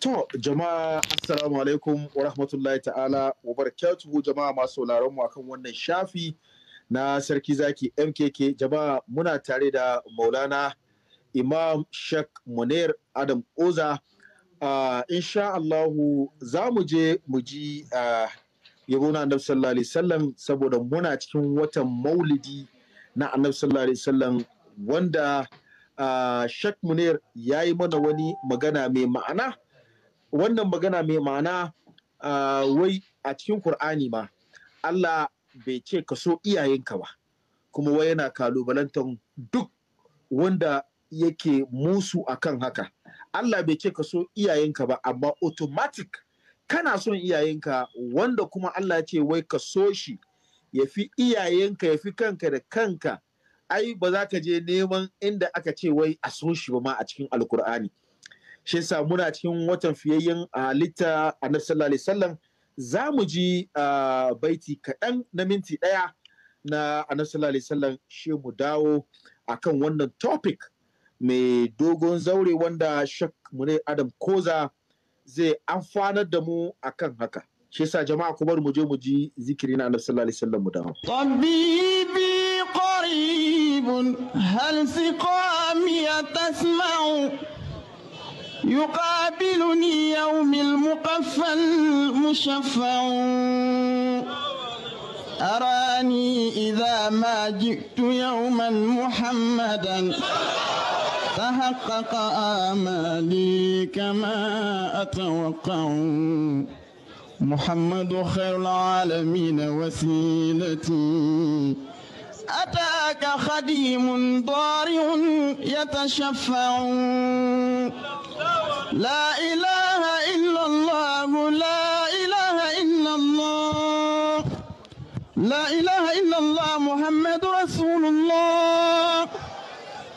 To jama'a assalamu alaikum wa rahmatullahi ta'ala wa barakatuhu jama'a masu sauraron mu akan wannan shafi na sarki zaki MKK jama'a muna tare da Maulana Imam Sheikh Munir Adam Oza uh, insha Allahu za mu je mu ji uh, yabo na Annabi sallallahu alaihi wasallam saboda muna cikin watan Maulidi na Annabi sallallahu alaihi wasallam wanda Sheikh Munir ya yi mana wani magana mai ma'ana wannan magana mai ma'ana wai a cikin Kur'ani ma Allah bai ce ka so iyayenka ba kuma wai yana kalubalantan duk wanda yake musu akan haka Allah bai ce ka so iyayenka ba amma otomatik kana son iyayenka wanda kuma Allah ce wai ka so shi ya fi iyayenka ya fi kanka da kanka ai ba za ka je neman inda aka ce wai a so shi ba ma a cikin alkur'ani shi yasa muna cikin watan fiyayyen ah, halitta a sallallahu alaihi wasallam za mu ji ah, baiti kaɗan na minti ɗaya na annabi sallallahu alaihi wasallam shi mu dawo akan wannan topic mai dogon zaure wanda shak mune adam koza zai amfanar da mu akan haka shi yasa jama'a kuma mu je mu ji zikiri na annabi sallallahu alaihi mu dawo طيب هل سقامي تسمع يقابلني يوم المقفى المشفع أراني إذا ما جئت يوما محمدا تحقق آمالي كما أتوقع محمد خير العالمين وسيلتي أتاك خديم ضارع يتشفع لا إله إلا الله لا إله إلا الله لا إله إلا الله محمد رسول الله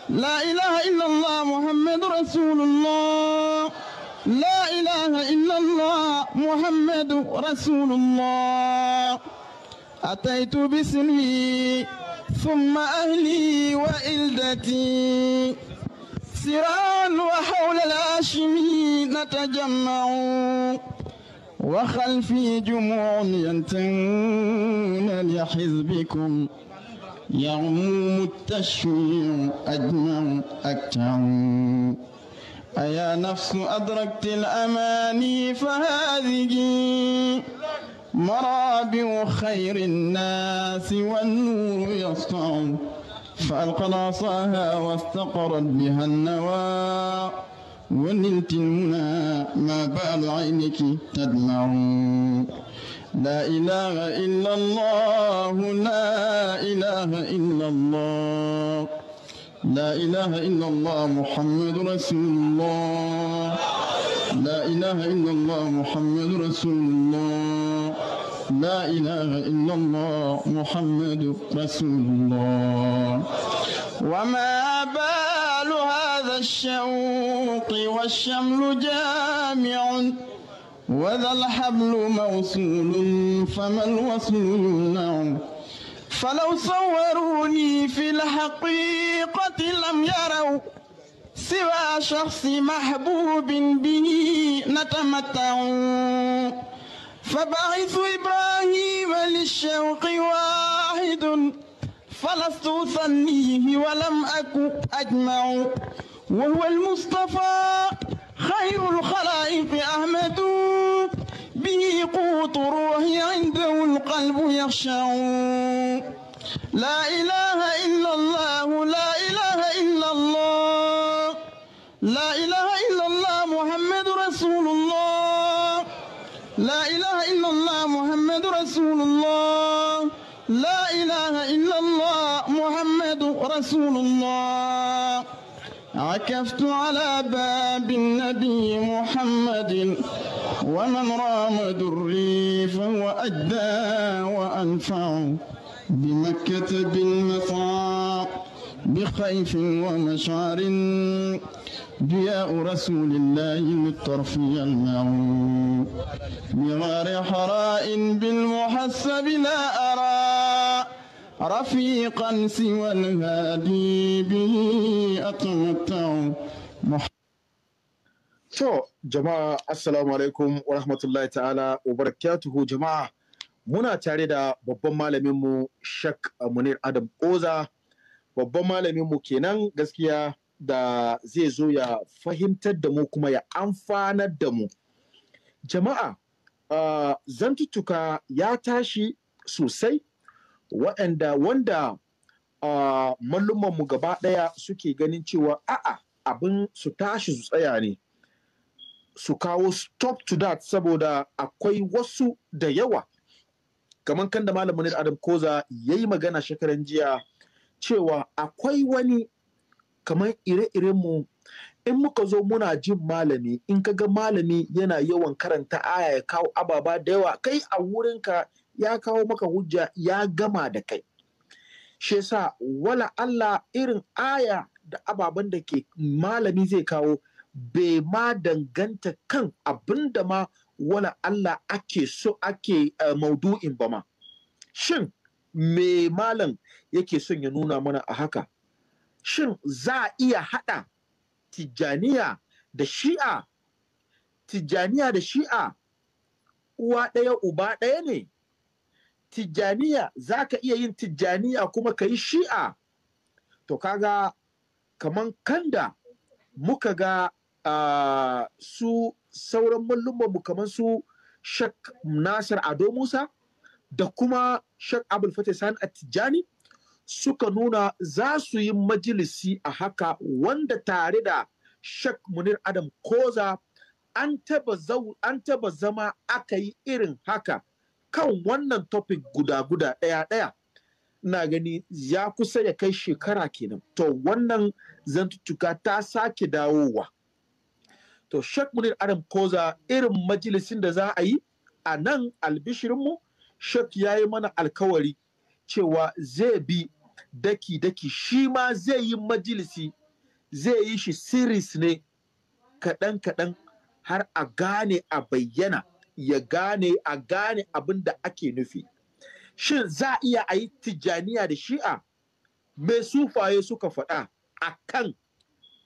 لا إله إلا الله محمد رسول الله لا إله إلا الله محمد رسول الله أتيت باسمي ثم أهلي وإلدتي سرا وحول الهاشمي نتجمع وخلفي جموع ينتمون لحزبكم يعموم التشويع أجمع أكتع أيا نفس أدركت الأماني فهذه مرابع خير الناس والنور يسطع فألقى عصاها واستقرت بها النوى ونلت المنى ما بال عينك تدمع لا إله إلا الله لا إله إلا الله لا إله إلا الله محمد رسول الله لا إله إلا الله محمد رسول الله لا إله إلا الله محمد رسول الله وما بال هذا الشوق والشمل جامع وذا الحبل موصول فما الوصل يمنع فلو صوروني في الحقيقة لم يروا سوى شخص محبوب به نتمتع فبعث إبراهيم للشوق واحد فلست أثنيه ولم أكن أجمع وهو المصطفى خير الخلائق أحمد به قوت روحي عنده القلب يخشع لا إله إلا الله لا إله إلا الله لا إله إلا الله محمد رسول الله لا إله إلا الله محمد رسول الله لا إله إلا الله محمد رسول الله عكفت على باب النبي محمد ومن رام دري فهو أدى وأنفع بمكة بالمطاع بخيف ومشعر دياء رسول الله للطرفي المعروف بغار حراء بالمحسب لا أرى رفيقا سوى الهادي به أتمتع To, jama'a assalamu alaikum wa rahmatullahi ta'ala wa tuhu, jama'a muna tare da babban malaminmu Shak Munir Adam Oza babban malaminmu kenan gaskiya da zai zo ya fahimtar da mu kuma ya amfanar da mu jama'a uh, zantuttuka ya tashi sosai waɗanda wanda uh, mu gaba ɗaya suke ganin cewa a'a abin su tashi su tsaya ne su kawo stop to that saboda akwai wasu da yawa kamar kan da malamin adam koza ya yi magana shekaran jiya cewa akwai wani kamar ire-iren mu in muka zo muna jin malami in ka ga malami yana yawan karanta aya ya kawo ababa da yawa kai a wurinka ya kawo maka hujja ya gama da kai shi yasa wala Allah irin aya da ababen da ke malami zai kawo bai ma danganta kan abin da ma wala Allah ake so ake eh, maudu'in ba ma shin me malam yake son ya nuna mana a haka shin za a iya haɗa tijjaniya da shi'a tijjaniya da shi'a uwa ɗaya uba ɗaya ne tijjaniya za ka iya yin tijjaniya kuma ka yi shi'a to kaga kaman kanda muka ga uh, su sauran mallum'anmu kaman su shak nasir ado musa da kuma shak abul fatih sani a tijjani suka nuna za su yi majalisi a haka wanda tare da Sheikh Munir Adam Koza an taba zama aka yi irin haka kan wannan topic guda-guda ɗaya-ɗaya na gani ya kusa ya kai shekara kenan to wannan zantuttuka ta sake dawowa to Sheikh Munir Adam Koza irin majalisin da za a yi a nan albishirinmu Sheikh ya yi mana alkawari cewa zai bi daki-daki shi ma zai yi majalisi zai yi shi siris ne kaɗan-kaɗan har a gane a bayyana ya gane a gane abin da ake nufi shin za a iya a yi tijjaniya da shi'a mai sufaye suka faɗa a kan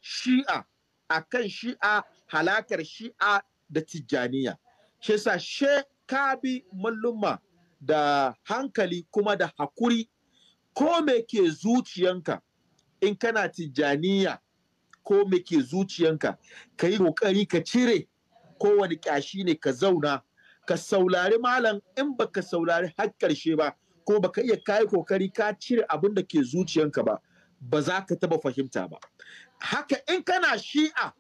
shi'a a kan shi'a halakar shi'a da tijjaniya shi sa she kabi malluma da hankali kuma da hakuri ko me ke zuciyanka in kana tijjaniya ko me ke zuciyanka ka yi kokari ka cire ko Wani kyashi ne ka zauna ka saulari malam in baka saulari har karshe ba ko baka iya kayi kokari ka cire abin da ke zuciyanka ba ba za ka taba fahimta ba haka in kana shi'a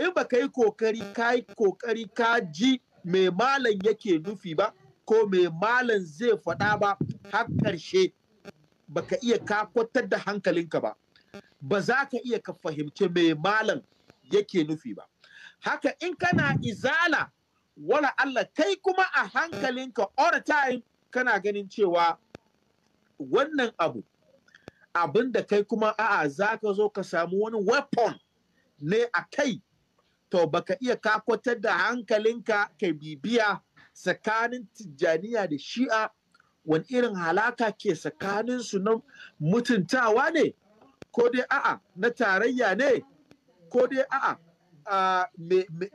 in baka yi kokari ka yi kokari ka ji me malam yake nufi ba ko me malam zai faɗa ba har ƙarshe baka iya kakwatar da hankalinka ba ba za ka iya ka fahimci mai malam yake nufi ba haka in kana izala wala Allah kai kuma a hankalinka all the time kana ganin cewa wannan abu abin da kai kuma a'a za ka zo ka samu wani weapon ne a kai to baka iya kakwatar da hankalinka ka bibiya tsakanin tijjaniya da shi'a wani irin halaka ke tsakaninsu na mutuntawa ne ko dai a'a na tarayya ne ko dai a'a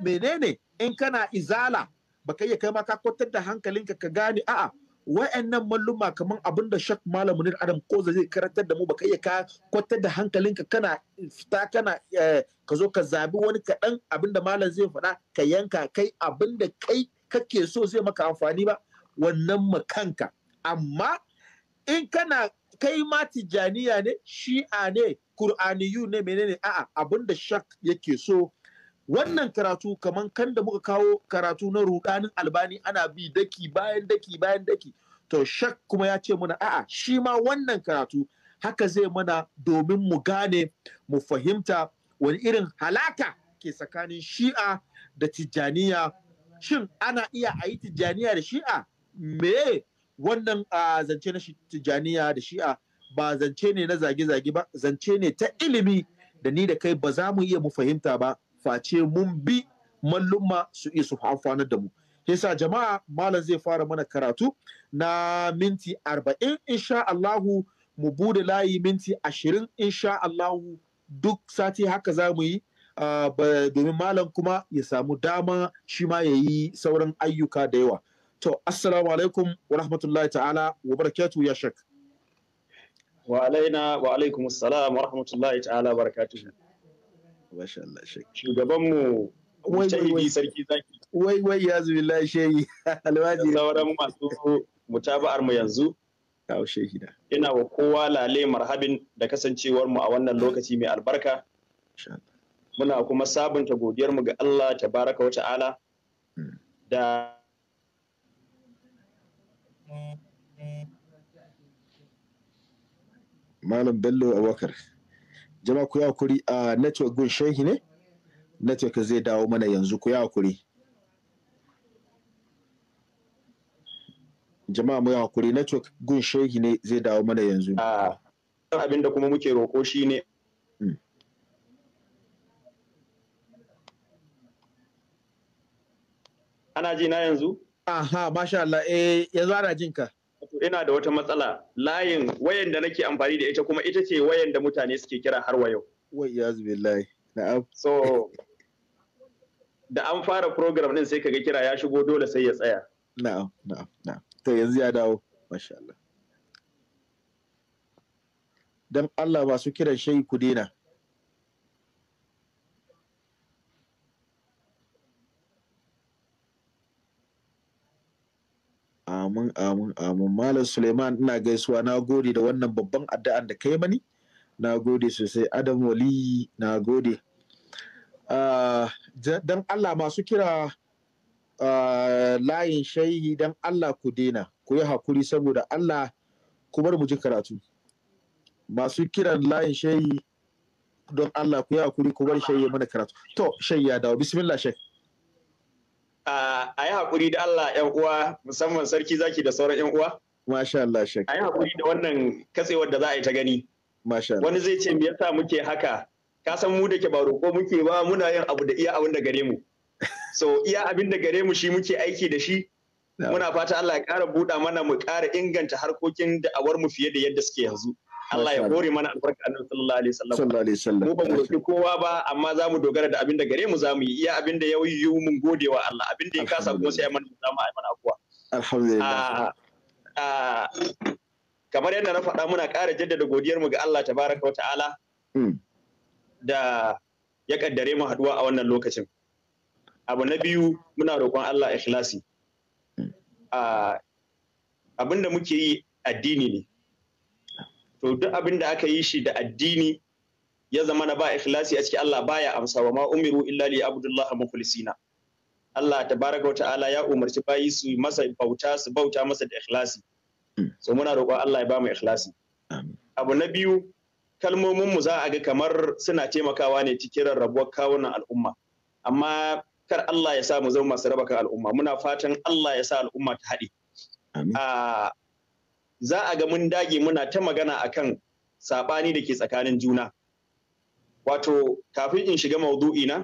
menene in kana izala baka iya kai ma ka kwatar da hankalinka ka gane a'a wa'annan malluma kamar abin da shak malam munir adam ko zai karantar da mu baka iya ka kwatar da hankalinka kana fita kana e, ka zo ka zabi wani kaɗan abin da malam zai faɗa ka yanka kai abin da kai kake so zai maka amfani ba wannan makanka amma in kana kai ma tijaniya ne shi'a ne kur'aniyu ne menene a'a abinda shak yake so wannan karatu kamar kan da muka kawo karatu na rudanin albani ana bi daki bayan daki bayan daki to shak kuma ya ce mana a'a shi ma wannan karatu haka zai mana domin mu gane mu fahimta wani irin halaka ke tsakanin shi'a da tijaniya shin ana iya a yi tijaniya da shi'a me wannan a zance na tijjaniya da shi'a ba zance ne na zage-zage ba zance ne ta ilimi da ni da kai ba za mu iya mu fahimta ba face mun bi mallumma su iya su amfanar da mu sa jama'a malam zai fara mana karatu na minti arba'in insha Allahu mu bude layi minti ashirin insha Allahu duk sati haka za mu yi domin malam kuma ya samu dama shi ma ya yi sauran ayyuka da yawa to assalamu alaikum wa rahmatullahi ta'ala wa barakatu ya shek wa alaina wa alaikum assalam wa rahmatullahi ta'ala wa barakatuhu masha Allah shek shugabanmu mujtahidi sarki zaki wai wai ya zubi lahi shehi alwaji sauran masu mutaba'ar mu yanzu kawo shehida ina wa kowa lale marhabin da kasancewar mu a wannan lokaci mai albarka muna kuma sabunta godiyarmu ga Allah tabaraka wa ta'ala hmm. da Malam Bello Abubakar. Jama'a ku yi hakuri a network gun shehi ne? Network zai dawo mana yanzu ku yi hakuri. Jama'a mu yi hakuri network gun shehi ne zai dawo mana yanzu. A abin da kuma muke roƙo shi ne hmm. Ana ji na yanzu? Aha, masha Allah, eh ya ana jin ka. Ina da wata matsala layin wayan da nake amfani da ita kuma ita ce wayan da mutane suke kira har wa yau. Wai ya billahi. Na'am. So da an fara program din sai kaga kira ya shigo dole sai ya tsaya. Na'am, na'am, na'am. To yanzu ya dawo. Masha Allah. Don Allah masu kiran shai ku dina. amin amin amin malam suleiman ina gaisuwa na gode da wannan babban addu'an da kai mani na gode sosai adam wali na gode ah, don allah masu kira ah, layin shaihi don allah ku dena ku yi hakuri saboda allah ku bar mu ji karatu masu kiran layin shaihi don allah ku yi hakuri ku bar shaihi mana karatu to shaihi ya dawo bismillah shaihi a yi haƙuri da Allah ‘yan uwa musamman sarki zaki da sauran ‘yan uwa. Masha Allah A yi haƙuri da wannan katsewar da za a yi ta gani. Masha Allah. Wani zai ce me yasa muke haka? Ka san mu da ke ba roƙo muke ba muna yin abu da iya abin da gare mu. So iya abin da gare mu shi muke aiki da shi. Muna fata Allah ya ƙara buɗa mana mu ƙara inganta harkokin da'awar mu fiye da yadda suke yanzu. Allah ya hore mana albarka annabi sallallahu alaihi wasallam sallallahu alaihi wasallam mu ba mu roki kowa ba amma za mu dogara da abin da gare mu za mu yi iya abin da ya yi mun gode wa Allah abin da ya kasa kuma sai mana za mu ayi mana abuwa. alhamdulillah ah, ah, kamar yadda na faɗa muna ƙara jaddada godiyar mu ga Allah tabaraka wa ta'ala hmm. da ya kaddare mu haduwa a wannan lokacin abu na biyu muna roƙon Allah ikhlasi hmm. ah, abin da muke yi addini ne to duk abin da aka yi shi da addini ya zama na ba ikhlasi a ciki Allah baya amsa wa ma umiru illa li abdullah mukhlisina Allah tabaraka wa ta'ala ya umarci bayi su masa bauta su bauta masa da ikhlasi hmm. so muna roƙon Allah ya ba mu ikhlasi abu na biyu kalmomin mu za a ga kamar suna taimakawa ne cikin rabuwar kawunan al'umma amma kar Allah ya sa mu zama masu raba kan al'umma muna fatan Allah ya sa al'umma ta haɗe za a ga mun dage muna ta magana a kan saɓani da ke tsakanin juna. Wato, kafin in shiga maudu'i na,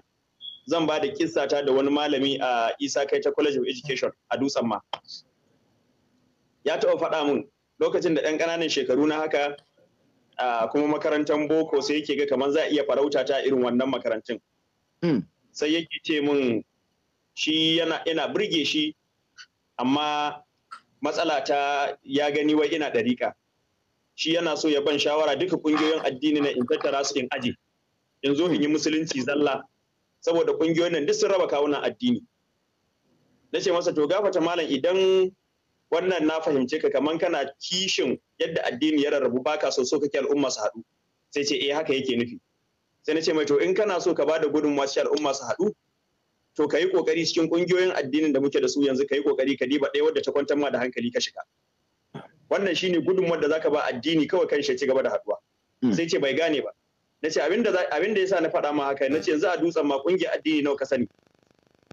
zan ba da kissata da wani malami a Isa Kaita College of Education a Dutsen ma. Ya taɓa faɗa mun lokacin da ɗan ƙananan shekaru na haka kuma makarantar boko sai yake ga kamar za a iya farauta ta irin wannan makarantun. Hmm. Sai yake ce mun shi yana birge shi amma matsala ta ya gani wai ina ɗariƙa shi yana so ya ban shawara duka ƙungiyoyin addini na in tattara su in aje in zo in yi musulunci zalla saboda ƙungiyoyin nan duk sun raba kawunan addini na ce masa to gafata malam idan wannan na fahimce ka kamar kana kishin yadda addini ya rarrabu baka so so kake al'umma su haɗu sai ce eh haka yake nufi sai na ce mai to in kana so ka bada gudunmawa shi al'umma su haɗu to ka yi kokari cikin kungiyoyin addinin da muke da su yanzu ka yi kokari ka diba ɗaya wadda ta kwantar ma da hankali ka shiga wannan shine gudunmuwar da zaka ba addini kawai kan shi ci gaba da haduwa hmm. sai ce bai gane ba na ce abin da yasa na faɗa ma haka na ce yanzu a dutsen ma kungiyar addini nawa ka sani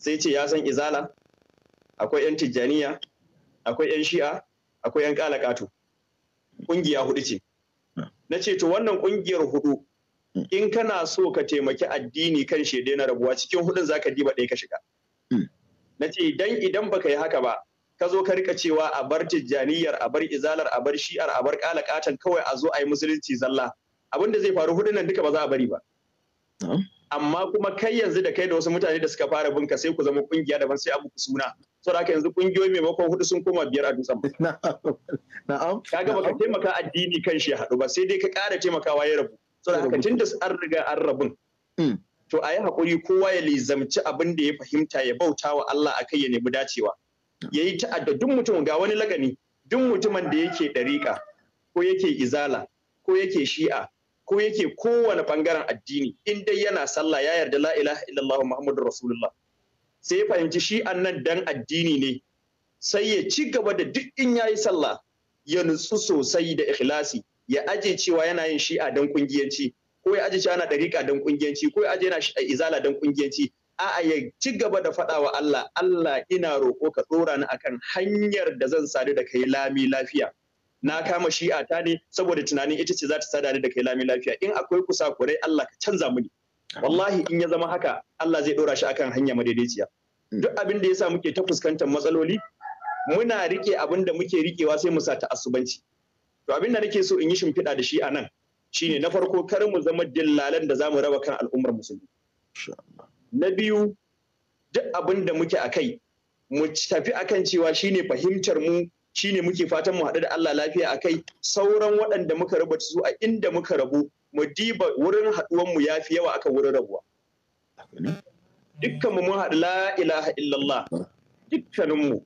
sai ce ya san izala akwai yan tijjaniya akwai yan shi'a akwai yan kalakatu kungiya hudu ce hmm. na ce to wannan kungiyar hudu in kana so ka taimaki addini kan shi na rabuwa cikin hudun zaka diba ɗaya ka shiga hmm. na ce idan idan baka yi haka ba ka zo ka rika cewa a bar tijjaniyar a bar izalar a bar shi'ar a bar ƙala-ƙaton, kawai a zo a yi musulunci zalla abin da zai faru hudun nan duka ba za a bari ba amma kuma kai yanzu da kai da wasu mutane da suka fara binka sai ku zama kungiya daban sai a muku suna da haka yanzu kungiyoyi maimakon hudu sun koma biyar a dutsen na'am kaga baka taimaka addini kan shi haɗu ba sai dai ka ƙara taimakawa ya rabu saboda haka tun da an riga an rabun hmm. to a yi haƙuri kowa ya lizamci abin da ya fahimta ya bauta wa Allah a kai ya nemi dacewa ya yi ta'adda duk mutum ga wani lagani duk mutumin da yake ɗariƙa ko yake izala ko yake shi'a ko yake kowane ɓangaren addini in dai yana sallah ya yarda la ilaha illallah muhammadu rasulullah sai ya fahimci shi'an nan dan addini ne sai ya ci gaba da duk in yayi sallah ya nutsu sosai da ikhlasi ya aje cewa yana yin shi'a dan kungiyanci ko ya aje cewa yana dariƙa dan kungiyanci ko ya aje yana shi a izala dan kungiyanci a'a ya ci gaba da faɗa wa Allah Allah ina roƙo ka tsora ni akan hanyar da zan sadu da kai lami lafiya na kama shi'a ta ne saboda tunanin ita ce za ta sada ni da kai lami lafiya in akwai kusa kusakurai Allah ka canza muni. wallahi in ya zama haka Allah zai dora shi akan hanya madaidaiciya hmm. duk abin da yasa muke ta fuskantar matsaloli muna rike abin da muke rikewa sai mu sa ta asubanci to abin da nake so in yi shimfiɗa da shi a nan shine na farko kar mu zama dillalan da za mu raba kan al'ummar musulmi na biyu duk abin da muke a kai mu tafi akan cewa shine fahimtar mu shine muke fatan mu haɗu da Allah lafiya a kai sauran waɗanda muka raba su a inda muka rabu mu diba wurin haɗuwan mu yafi yawa aka wurin rabuwa dukkan mu mun haɗu la ilaha illallah dukkanin mu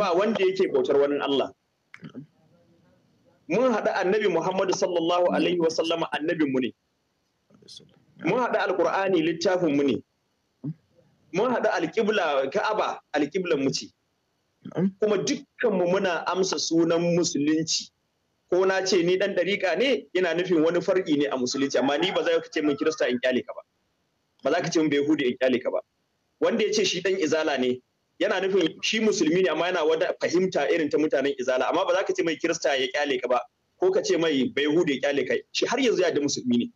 ba wanda yake bautar wani Allah mun haɗa annabi Muhammadu sallallahu alaihi wa sallama annabin mu ne mun haɗa alƙur'ani littafin mu ne mun haɗa alƙibla ka'aba alƙiblan mu ce kuma dukkanmu muna amsa sunan musulunci ko na ce ni ɗan ɗariƙa ne yana nufin wani far'i ne a musulunci amma ni ba za ka ce min kirista ka ba ba za ka ce min bai in ba wanda ya ce shi ɗan izala ne yana nufin shi musulmi ne amma yana wada fahimta irin ta mutanen izala amma ba za ka ce mai kirista ya kyale ka ba ko ka ce mai bayhude ya kyale ka shi har yanzu ya da musulmi ne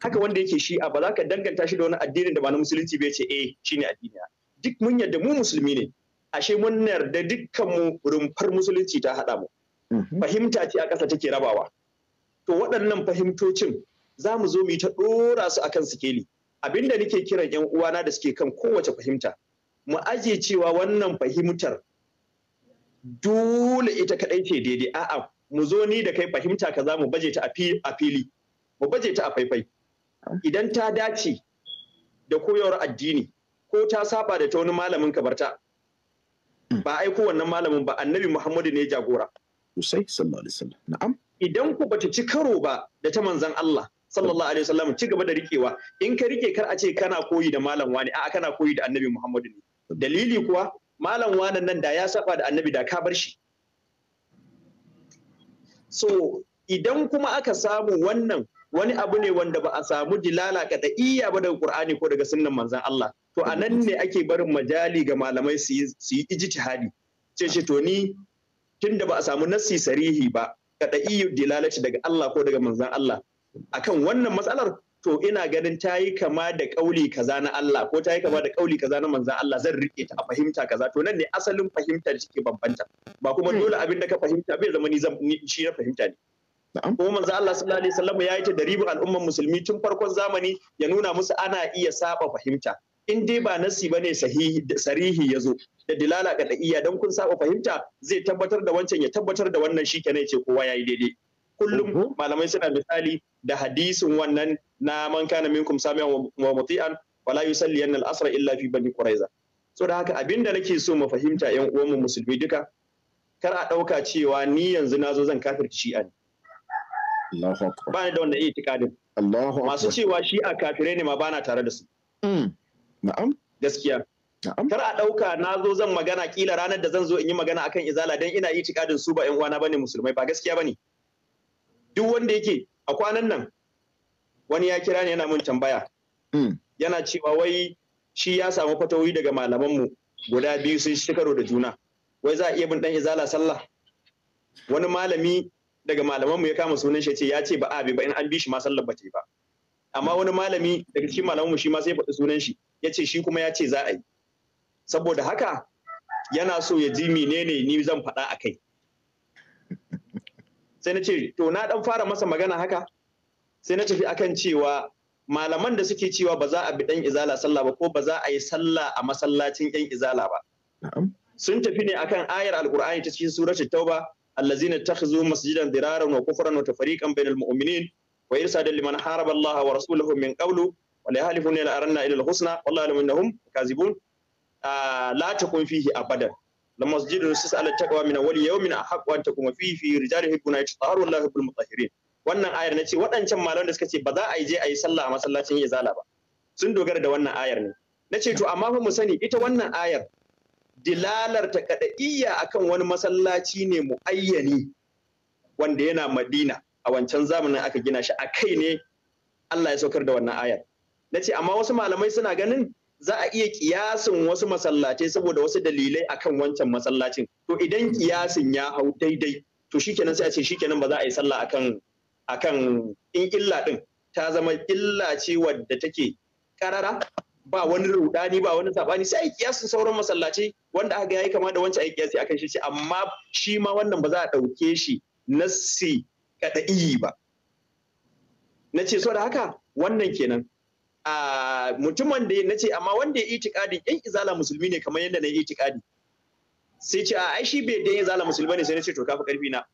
haka wanda yake shi a ba za ka danganta shi da wani addinin da ba na musulunci bai ce eh shine addini duk mun yarda mu musulmi ne ashe mun yarda dukkan mu rumfar musulunci ta haɗa mu mhm. fahimta ce a ƙasa take rabawa to waɗannan fahimtocin za mu zo mu yi ta ɗora su akan sikeli abinda nake kiran yan uwana da suke kan kowace fahimta mu aje cewa wannan fahimtar dole ita kaɗai ce daidai a'a mu zo ni da kai fahimta ka za mu baje ta a fili mu baje ta a faifai idan ta dace da koyar addini ko ta saba da ta wani malamin kabarta ba ko wannan malamin ba annabi muhammadu ne jagora sosai sallallahu alaihi wasallam na'am idan ku bata ci karo ba da ta manzon Allah sallallahu alaihi wasallam ci gaba da rikewa in ka rike kar a ce kana koyi da malam wani a'a kana koyi da annabi muhammadu ne dalili kuwa malam wanan nan da ya saba da annabi da ka bar shi so idan kuma aka samu wannan wani abu ne wanda ba a samu dilala kada iya ba daga qur'ani ko daga sunnan manzon Allah to a nan ne ake barin majali ga malamai su yi ijtihadi ce ce to ni tunda ba a samu nassi sarihi ba kada iya dilalaci daga Allah ko daga manzon Allah akan wannan matsalar to ina ganin ta yi kama da ƙauli kaza na Allah ko ta yi kama da ƙauli kaza na manzan Allah zan riƙe ta a fahimta kaza to nan ne asalin fahimta shi ke bambanta ba kuma hmm. dole abin da ka fahimta bai zama ni shi na fahimta ne kuma manzan Allah sallallahu alaihi wasallam ya yi ta daribin al'umman musulmi tun farkon zamani ya nuna musu ana iya saba fahimta in dai ba nasi ba ne sarihi ya zo da dilala kaɗa'iyya don kun saba fahimta zai tabbatar da wancan ya tabbatar da wannan shi kenan ce kowa ya yi daidai kullum malamai suna misali da hadisin wannan na man kana minkum sami'an wa muti'an wala yusalli yanal al-asra illa fi bani quraiza so da haka abinda nake so mu fahimta yan mu musulmi duka kar a dauka cewa ni yanzu nazo zan kafirci shi'a ne Allahu akbar ba ni da wannan itikadin Allahu akbar masu cewa shi'a kafirai ne ma bana tare da su mm. na'am gaskiya kar a ɗauka na zo zan magana kila ranar da zan zo in yi magana akan izala don ina yi tikadin su ba yan uwana bane musulmai ba gaskiya bane duk wanda yake a kwanan nan wani ya kira ni yana mun tambaya hmm. yana cewa wai shi ya samu fatawoyi daga malamanmu guda biyu sun shi karo da juna wai za a iya bin dan izala sallah wani malami daga malamanmu ya kama sunan shi ce ya ce ba a bi ba in an bi shi ma sallar ba ce ba amma wani malami daga cikin malamanmu shi ma sai faɗi sunan shi ya ce shi kuma ya ce za a yi saboda haka yana so ya ji menene ni zan faɗa a kai sai na ce to na dan fara masa magana haka sai na tafi akan cewa malaman da suke cewa ba za a bi dan izala sallah ba ko ba za a yi sallah a masallacin yan izala ba sun tafi ne akan ayar alqur'ani ta cikin surati tauba allazina takhuzu masjidan diraran wa kufran wa tafariqan bainal mu'minin wa irsadan liman haraba allaha wa rasulahu min qawlu wa la yahlifuna la aranna ila alhusna husna wallahu innahum kazibun ah, la takun fihi abadan لمسجد أسس على التقوى من أول يوم أحق أن تقوم فيه في رجال يحبون أن يتطهروا والله يحب المطهرين wannan ayar na ce waɗancan malaman da suka ce ba za a je a yi sallah a masallacin izala ba sun dogara da wannan ayar ne na ce to amma fa mu sani ita wannan ayar dilalar ta kada'iyya akan wani masallaci ne mu ayyani wanda yana madina a wancan zamanin aka gina shi a kai ne Allah ya saukar da wannan ayar na ce amma wasu malamai suna ganin za a iya kiyasin wasu masallacai saboda wasu dalilai akan wancan masallacin to idan kiyasin ya hau daidai to shikenan sai a ce shikenan ba za a yi sallah akan akan in illa din ta zama illa ce wadda take karara ba wani rudani ba wani sabani sai yi kiyasin sauran masallaci wanda aka yi kama da wancan ai kiyasi akan shi ce amma shi ma wannan ba za a ɗauke shi nassi kaɗa'i ba na ce so da haka wannan kenan mutumin da na ce amma wanda ya itikadin yan izala musulmi ne kamar yadda na yi itikadi sai ce a ai shi bai da izala musulmi ne sai na ce to kafa karfi na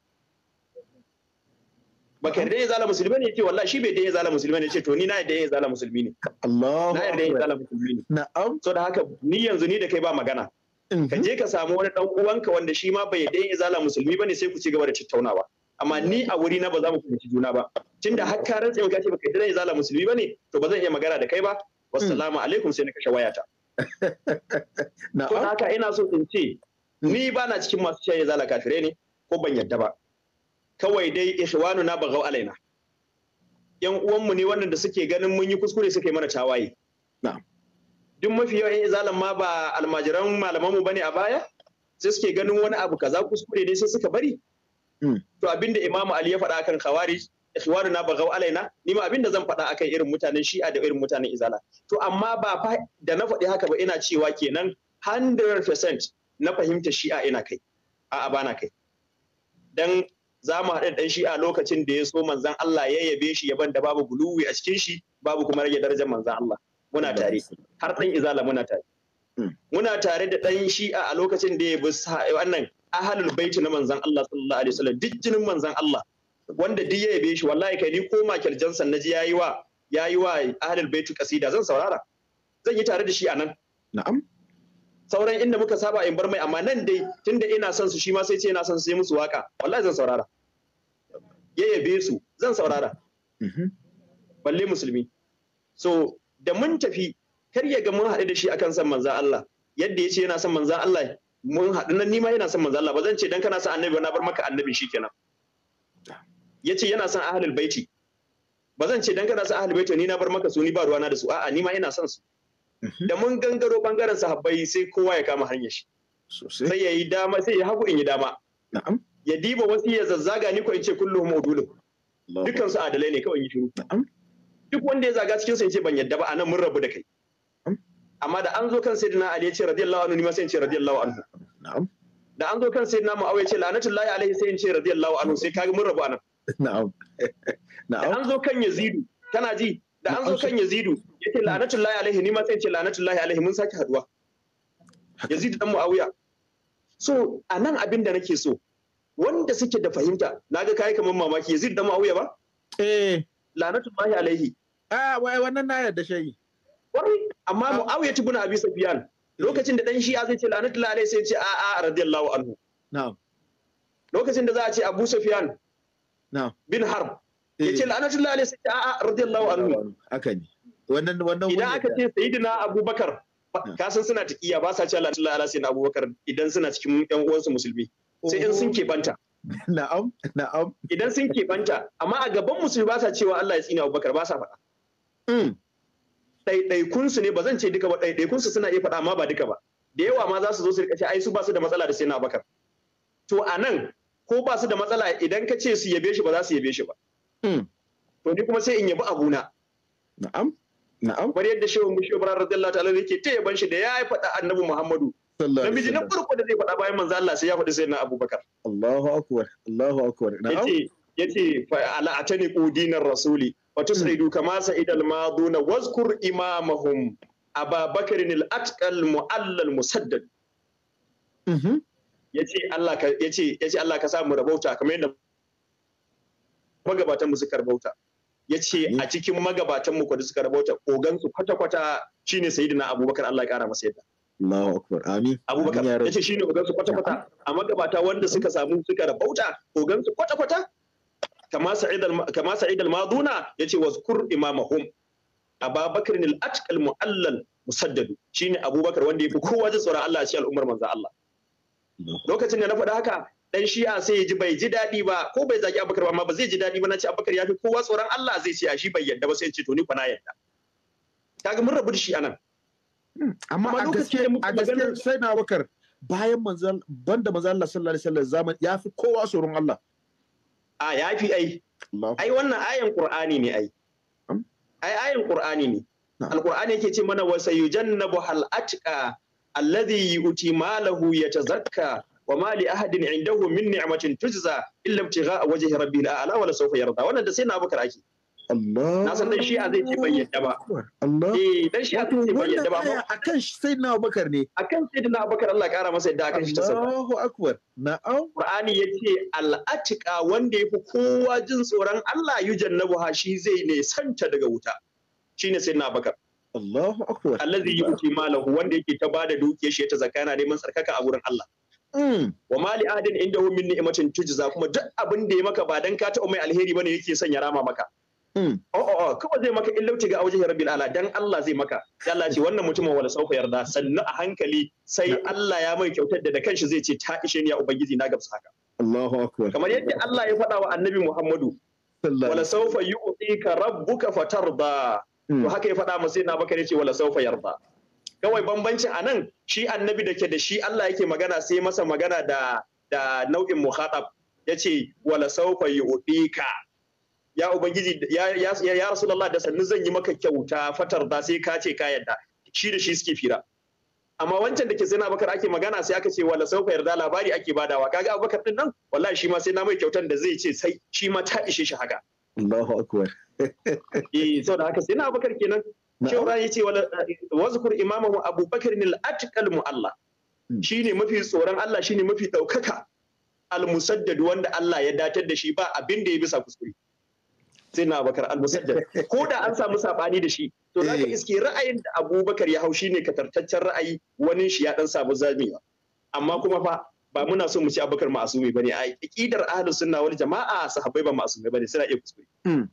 baka yarda ya zala musulmi ne ce wallahi shi bai da izala musulmi ne ce to ni na yarda ya zala musulmi ne Allahu na yarda ya zala musulmi ne na'am so da haka ni yanzu ni da kai ba magana mhm. ka je ka samu wani dan uwanka wanda shi ma bai yarda izala musulmi bane sai ku ci gaba da tattaunawa amma ni a wuri na ba za mu fahimci juna ba tunda har ka rantsa ka ce baka dare zala musulmi bane to ba zan iya magana da kai ba wassalamu alaikum sai na kashe wayata to haka ina so in ce ni ba na cikin masu shaye zala kafire ne ko ban yadda ba kawai dai ikhwanu na bagau alaina yan uwanmu ne wannan da suke ganin mun yi kuskure suke mana tawaye duk mafi yawan izalan ma ba almajiran malamanmu bane a baya sai suke ganin wani abu kaza kuskure ne sai suka bari Hmm. to abinda Imam Ali ya faɗa akan khawarij ikhwanu na bagaw alaina ni ma abinda zan faɗa akan irin mutanen Shi'a da irin mutanen Izala to amma ba fa da na faɗi haka ba ina cewa kenan 100% na fahimta Shi'a ina kai a'a bana kai dan za mu haɗa ɗan shi'a lokacin da ya so manzon Allah ya yabe shi yaban da babu guluwi a cikin shi babu kuma rage darajar manzan Allah muna tare har ɗan izala muna tare hmm. muna tare da ɗan shi'a a lokacin da ya bi wannan ahalul baiti na manzan Allah sallallahu alaihi wasallam duk jinin manzan Allah wanda duk ya yabe shi wallahi kai ni ko Michael Johnson naji yayi wa yayi wa ahalul baiti kasida zan saurara zan yi tare da shi anan na'am sauran inda muka saba in bar mai amma nan dai tunda ina son su shi ma sai ce ina son su yi musu waka wallahi zan saurara ya yabe su zan saurara mhm. balle musulmi so da mun tafi kar ya ga mun haɗu da shi akan san manzan Allah yadda ya ce yana son manzan Allah mun haɗu nan nima yana son manzo Allah ba zan ce dan kana son annabi na bar maka annabi shikenan yace yana son ahlul baiti ba zan ce dan kana son ahlul baiti ni na bar maka su ni ba ruwana da su a'a nima yana son su mhm. da mun gangaro bangaren sahabbai sai kowa ya kama hanyar shi sai ya yi dama sai ya hagu in yi dama ya diba wasu ya zazzaga ni ko in ce udulu maudulun su adalai ne kawai yi shiru duk wanda ya zaga cikin sa ya ce ban yadda ba anan mun rabu da kai amma da an zo kan dina ali ya ce radiyallahu anhu ni ma sai in ce radiyallahu anhu na'am da an zo kan sayyidina muawiya ce la'anatullahi alaihi sai in ce radiyallahu anhu sai kaga mun rabu anan na'am na'am da an zo kan yazidu kana ji da an zo kan yazidu yace la'anatullahi alaihi ni ma sai in ce la'anatullahi alaihi mun sake haduwa yazidu dan muawiya so anan abin da nake so wanda suke da fahimta naga kai kamar mamaki yazidu dan muawiya ba eh la'anatullahi alaihi ah wai wannan na yarda shayi wai amma mu muawiya ibn abi sufyan eh. lokacin da dan shi zai ce la'natullahi lalai sai ya ce a'a radiyallahu anhu na'am lokacin da za a ce abu sufyan na'am bin harb ya ce eh. la'natullahi lalai sai ce a'a radiyallahu anhu haka ne wannan wannan idan aka ce sayyidina abubakar ka san suna taqiya ba sa ce lalai sai na abubakar idan suna cikin yan uwansu musulmi sai in sun oh. keɓanta na'am na'am idan sun keɓanta amma a gaban musulmi ba sa cewa Allah ya tsina abubakar ba sa faɗa mm. ɗaiɗaikunsu ne ba zan ce duka ba ɗaiɗaikunsu suna iya faɗa amma ba duka ba da yawa ma za su zo su rika ai su ba su da matsala da sai na bakar to a nan ko ba su da matsala idan ka ce su yabe shi ba za su yabe shi ba hmm. to ni kuma sai in yabi abuna na'am na'am bari yadda shehu mushehu bara radiyallahu ta'ala yake ta yaban shi da ya faɗa annabi muhammadu namiji na farko da zai faɗa bayan manzo Allah sai ya faɗi sai na abubakar Allahu akbar Allahu akbar na'am yace yace fa ala atani qudinar rasuli وتسعد كما سعد الماضون واذكر إمامهم أبا بكر الأتقى المعلى المسدد yace Allah ka yace yace Allah ka samu rabauta kamar yadda magabatan mu suka rabauta yace a cikin magabatan mu da suka rabauta kogan su kwata kwata shine sayyidina Abubakar Allah ya kara masa yadda Allahu akbar amin Abubakar yace shine kogan su kwata kwata a magabata wanda suka samu suka rabauta kogan su kwata kwata kama sa'id kama sa'id al-maduna yace wazkur imamahum ababakar al-atq al-mu'allal musaddadu shi ne abubakar wanda ya fi kowa ji tsoron Allah shi al'ummar manzo Allah lokacin da na faɗa haka dan shi'a sai ya ji bai ji daɗi ba ko bai zaki abubakar ba amma ba zai ji daɗi ba na ce abubakar ya fi kowa tsoron Allah zai ce a shi bai yadda ba sai ya ce to ni fa na yadda kaga mun rabu da shi anan hmm, amma a gaske a gaske sai na bakar bayan manzon banda manzon Allah sallallahu alaihi wasallam zaman ya fi kowa tsoron Allah a ya fi ai ai wannan ayan qur'ani ne ai ai ayan qur'ani ne alqur'ani yake ce mana wa sayujannabu hal atqa alladhi yuti malahu yatazakka wa ma li ahadin indahu min ni'matin tujza illa ibtigha'a wajhi rabbil a'la wa la sawfa yarda wannan da sai na abukar ake na san shi shi'a zai ce bayyana yadda ba eh dan shi'a zai ce bai yadda ba akan shi sai na Abubakar ne akan sai na Abubakar Allah kara masa yadda akan shi ta sabba Allahu akbar na'am Qur'ani yace al-atiqa wanda yafi kowa jin tsoron Allah yujannabu ha shi zai ne santa daga wuta shine sai na Abubakar Allahu akbar allazi yuti malahu wanda yake ta bada dukiyar shi ta zakana neman sarkaka a wurin Allah mm. wa mali adin inda min ni'matin tujza kuma duk abin da ya maka ba dan ka taɓa mai alheri bane yake son ya rama maka A'a hmm. oh, oh, oh, kawai zai maka lauce ga ya rabbil ala dan Allah zai maka. Allah ce wannan mutumin wala sauka yarda sannu a hankali sai Allah ya mai kyautar da da shi zai ce ta ishe ni ya ubangiji na gamsu haka. Allahu akbar. Kamar yadda Allah ya faɗa wa Annabi Muhammadu wala rabu yu'tika rabbuka fatarda. To hmm. haka ya faɗa masa na baka ce wala saufa yarda. Kawai a nan shi Annabi da ke da shi Allah yake magana sai masa magana da da nau'in muhatab yace wala uɗi yu'tika ya ubangiji ya ya rasulullah da sannu zan yi maka kyauta fatar da sai ka ce ka yadda shi da shi suke fira amma wancan da ke sai na bakar ake magana sai aka ce wala sauka yarda labari ake badawa kaga abubakar din nan wallahi shi ma sai na mai kyautan da zai ce sai shi ma ta ishe shi haka Allahu akbar eh saboda haka sai na Abakar kenan cewa ya ce eh, wazkur imamahu abubakar nil atqal mu'alla hmm. shine mafi tsoron Allah shine mafi daukaka al-musaddad wanda Allah ya datar da shi ba abin da ya bisa kuskure sai na bakar al ko da an samu sabani da shi to za ka eh. iske ra'ayin da abubakar ya haushi ne katartaccen ra'ayi wani shi ya dan samu zamewa amma kuma fa ba muna so mu ci abubakar ma'asumi bane a aqidar ahlus sunna wal jama'a sahabbai ba ma'asumi bane suna iya kuskure hmm.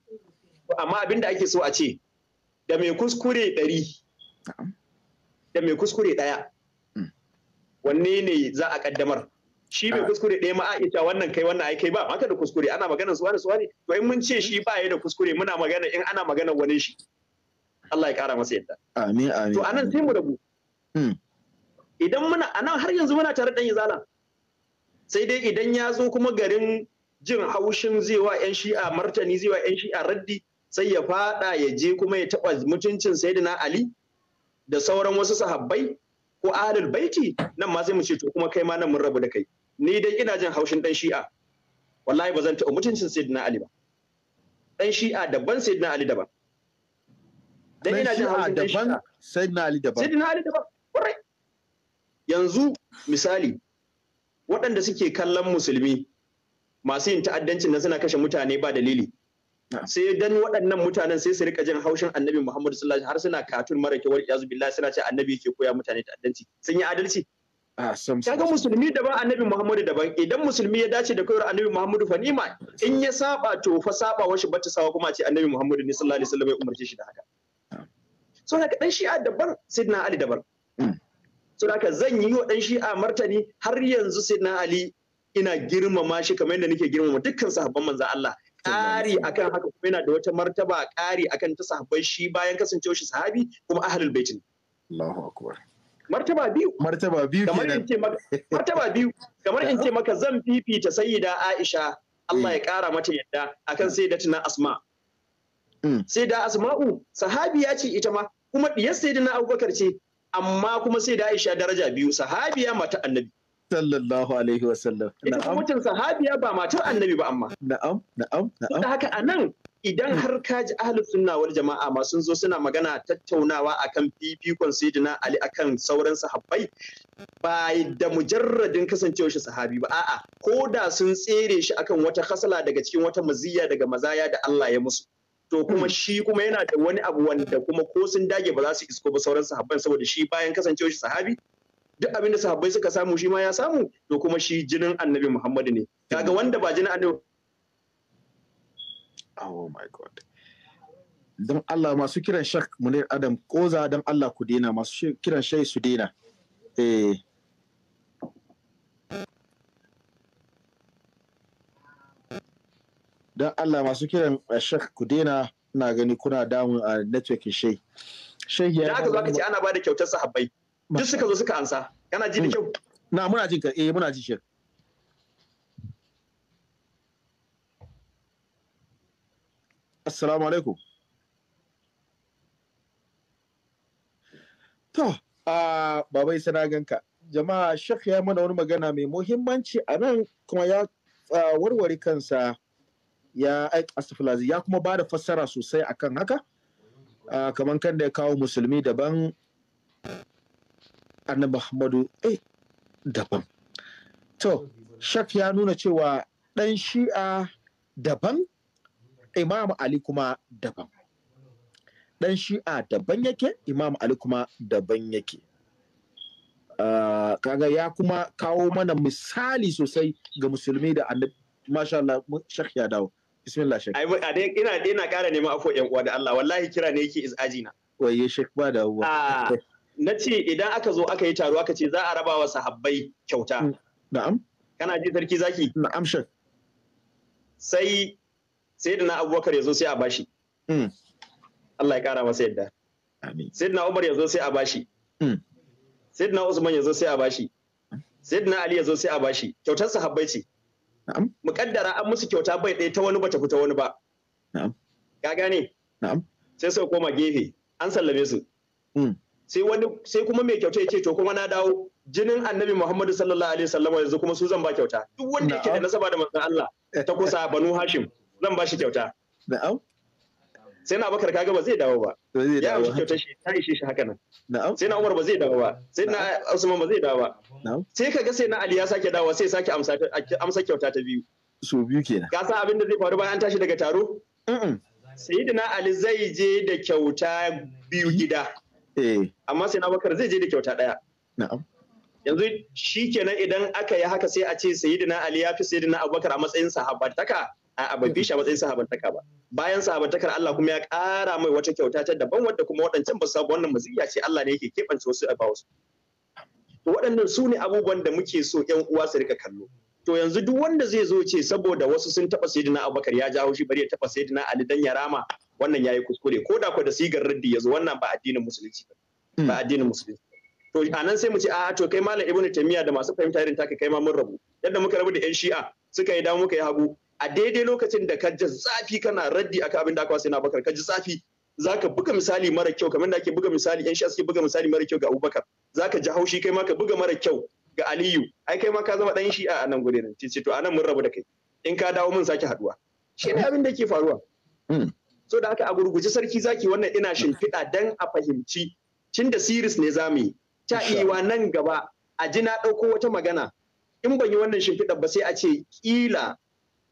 amma abin da ake so a ce da mai kuskure ɗari da mai kuskure ɗaya hmm. wanne ne za a kaddamar shi bai kuskure ɗaya ma aisha wannan kai wannan ai kai ba maka da kuskure ana magana suwa da suwa ne to in mun ce shi ba ya da kuskure muna magana in ana magana wani shi Allah ya kara masa yadda amin amin to anan sai mu rabu hmm. idan muna anan har yanzu muna tare da izala sai dai idan ya zo kuma garin jin haushin zai wa yan shi'a martani zai wa yan shi'a raddi sai ya fada ya je kuma ya taɓa mutuncin sayyidina ali da sauran wasu sahabbai ko ahlul baiti nan ma sai mu ce to kuma kai ma nan mun rabu da kai ni dai ina jin haushin dan shi'a wallahi ba zan taɓa mutuncin sayyidina ali ba dan shi'a daban sayyidina ali daban dan ina jin haushin dan shi'a sayyidina ali daban sayyidina ali daban yanzu misali waɗanda suke kallon musulmi masu yin ta'addancin nan suna kashe mutane ba dalili sai dan waɗannan mutanen sai su rika jin haushin annabi Muhammadu sallallahu alaihi har suna katun mara kewar iyazu billahi suna ce annabi yake koya mutane ta'addanci sun yi adalci Ah, kaga musulmi daban annabi muhammadu daban idan musulmi ya dace da koyar annabi muhammadu fanima in ya saba to fa saba washi bata sawa kuma ce annabi muhammadu ne sallallahu alaihi wasallam ya umarce shi da haka ah. so daga dan shi'a daban sidna ali daban hmm. so daga zan yi wa dan shi'a martani har yanzu sidna ali ina girmama shi kamar yadda nake girmama dukkan sahabban manzon Allah ƙari akan haka kuma yana da wata martaba ƙari akan ta sahabban shi bayan kasancewar shi sahabi kuma ahlul baitin Allahu akbar martaba biyu martaba biyu kamar in ce maka martaba biyu kamar in ce maka zan fifita sayyida Aisha Allah ya mm. kara mata yadda akan sayyidatuna Asma mm. sai da Asma'u sahabiya ce ita ma kuma diyar sayyidina Abubakar ce amma kuma sai da Aisha daraja biyu sahabiya mata annabi sallallahu alaihi wasallam ita kuma mutum sahabiya ba matar annabi ba amma na'am na'am na'am haka anan idan har ka ji ahlus sunna wal jama'a ma sun zo suna magana tattaunawa akan fifikon sayyidina ali akan sauran sahabbai ba da mujarradin kasancewar shi sahabi ba a'a ko da sun tsere shi akan wata kasala daga cikin wata maziya daga mazaya da Allah ya musu to kuma hmm. shi kuma yana da wani abu wanda kuma ko sun dage ba za su isko ba sauran sahabban saboda shi bayan kasancewar shi sahabi duk abin da sahabbai suka samu shi ma ya samu to kuma shi jinin annabi Muhammadu ne hmm. kaga wanda ba jinin annabi oh my god don Allah masu kiran shak munir adam koza don Allah ku dena masu kiran shai su dena eh don Allah masu kiran eh, shak ku dena ina gani kuna eh, damu a network shai shai ya ga zaka ce ana bada kyautar sahabbai duk suka zo suka ansa kana ji da hmm. kyau na muna jin ka eh muna ji shek assalamu alaikum to a babai sana ganka jama'a shek ya mana wani magana mai muhimmanci a nan kuma ya warware kansa ya astafulazi ya kuma ba da fassara sosai akan haka kamar kan da ya kawo musulmi daban annabi muhammadu eh daban to shak ya nuna cewa ɗan shi'a daban Imam Ali kuma daban. Ɗan shi'a daban yake, Imam Ali kuma daban yake. Uh, kaga ya kuma kawo mana misali sosai ga musulmi da annabi masha Allah shekh ya dawo bismillah shekh ai ina ina ƙara neman afo yan uwa da Allah wallahi kira ne yake is na waye shekh ba da uwa ah, na ce idan aka zo aka yi taro aka ce za a raba wa sahabbai kyauta na'am kana ji sarki zaki na'am shekh sai sai da na abubakar ya zo sai a bashi hmm. Allah ya kara masa yadda sai da na umar ya zo sai a bashi hmm. sai da na usman ya zo sai a bashi sai da na ali ya zo sai a bashi kyautar sahabbai ce muƙaddara an musu kyauta bai ɗaya ta wani bata fita wani ba ka gane sai suka koma gefe an sallame su hmm. sai wani sai kuma mai kyauta yake to kuma na dawo jinin annabi Muhammadu sallallahu alaihi wasallam yanzu kuma su zan ba kyauta duk wanda yake da nasaba da manzon Allah ta kusa banu Hashim zan ba shi kyauta na'am sai na abakar kaga ba zai dawo ba Ba zai dawo ya amshi kyauta shi ta ishe shi haka nan sai na umar ba zai dawo ba sai na usman ba zai dawo ba Na'am. sai kaga sai na ali ya sake dawo sai sake amsa kyauta ta biyu so biyu kenan ka san abin da zai faru bayan tashi daga taro sayyidina ali zai je da kyauta biyu gida eh. amma sai na Abubakar zai je da kyauta daya yanzu shi kenan idan aka yi haka sai a ce sayyidina ali ya fi sayyidina abubakar a matsayin sahabbataka a'a bai fi shi a matsayin sahabantaka ba bayan sahabantakar Allah kuma ya ƙara mai wata kyauta ta daban wadda kuma waɗancan ba su sabu wannan maziya ce Allah ne yake keɓance wasu a wasu su waɗannan su ne abubuwan da muke so ƴan uwa su rika kallo to yanzu duk wanda zai zo ce saboda wasu sun taɓa saidina Abubakar ya jawo shi bari ya taɓa saidina Ali dan ya rama wannan yayi kuskure ko da ko da sigar raddi yazo wannan ba addinin musulunci ba hmm. ba addinin musulunci to anan sai mu ce a to kai malam ibnu taymiya da masu fahimta irin taka kai ma mun rabu yadda muka rabu da yan shi'a suka yi damu muka yi hagu a daidai lokacin da ka ji zafi kana raddi aka abin da aka wasu na bakar ka ji zafi za ka buga misali mara kyau kamar da ake buga misali yan sha suke buga misali mara kyau ga abubakar za ka ji haushi kai ma ka buga mara kyau ga aliyu ai kai ma ka zama dan shi a nan gure nan ce to anan mun rabu da kai in ka dawo mun sake haduwa shi ne abin da ke faruwa hmm. so da aka a gurguje sarki zaki wannan ina shimfiɗa dan a fahimci cin da siris ne za mu yi ta nan gaba a ji na ɗauko wata magana in ban yi wannan shimfiɗa ba sai a ce kila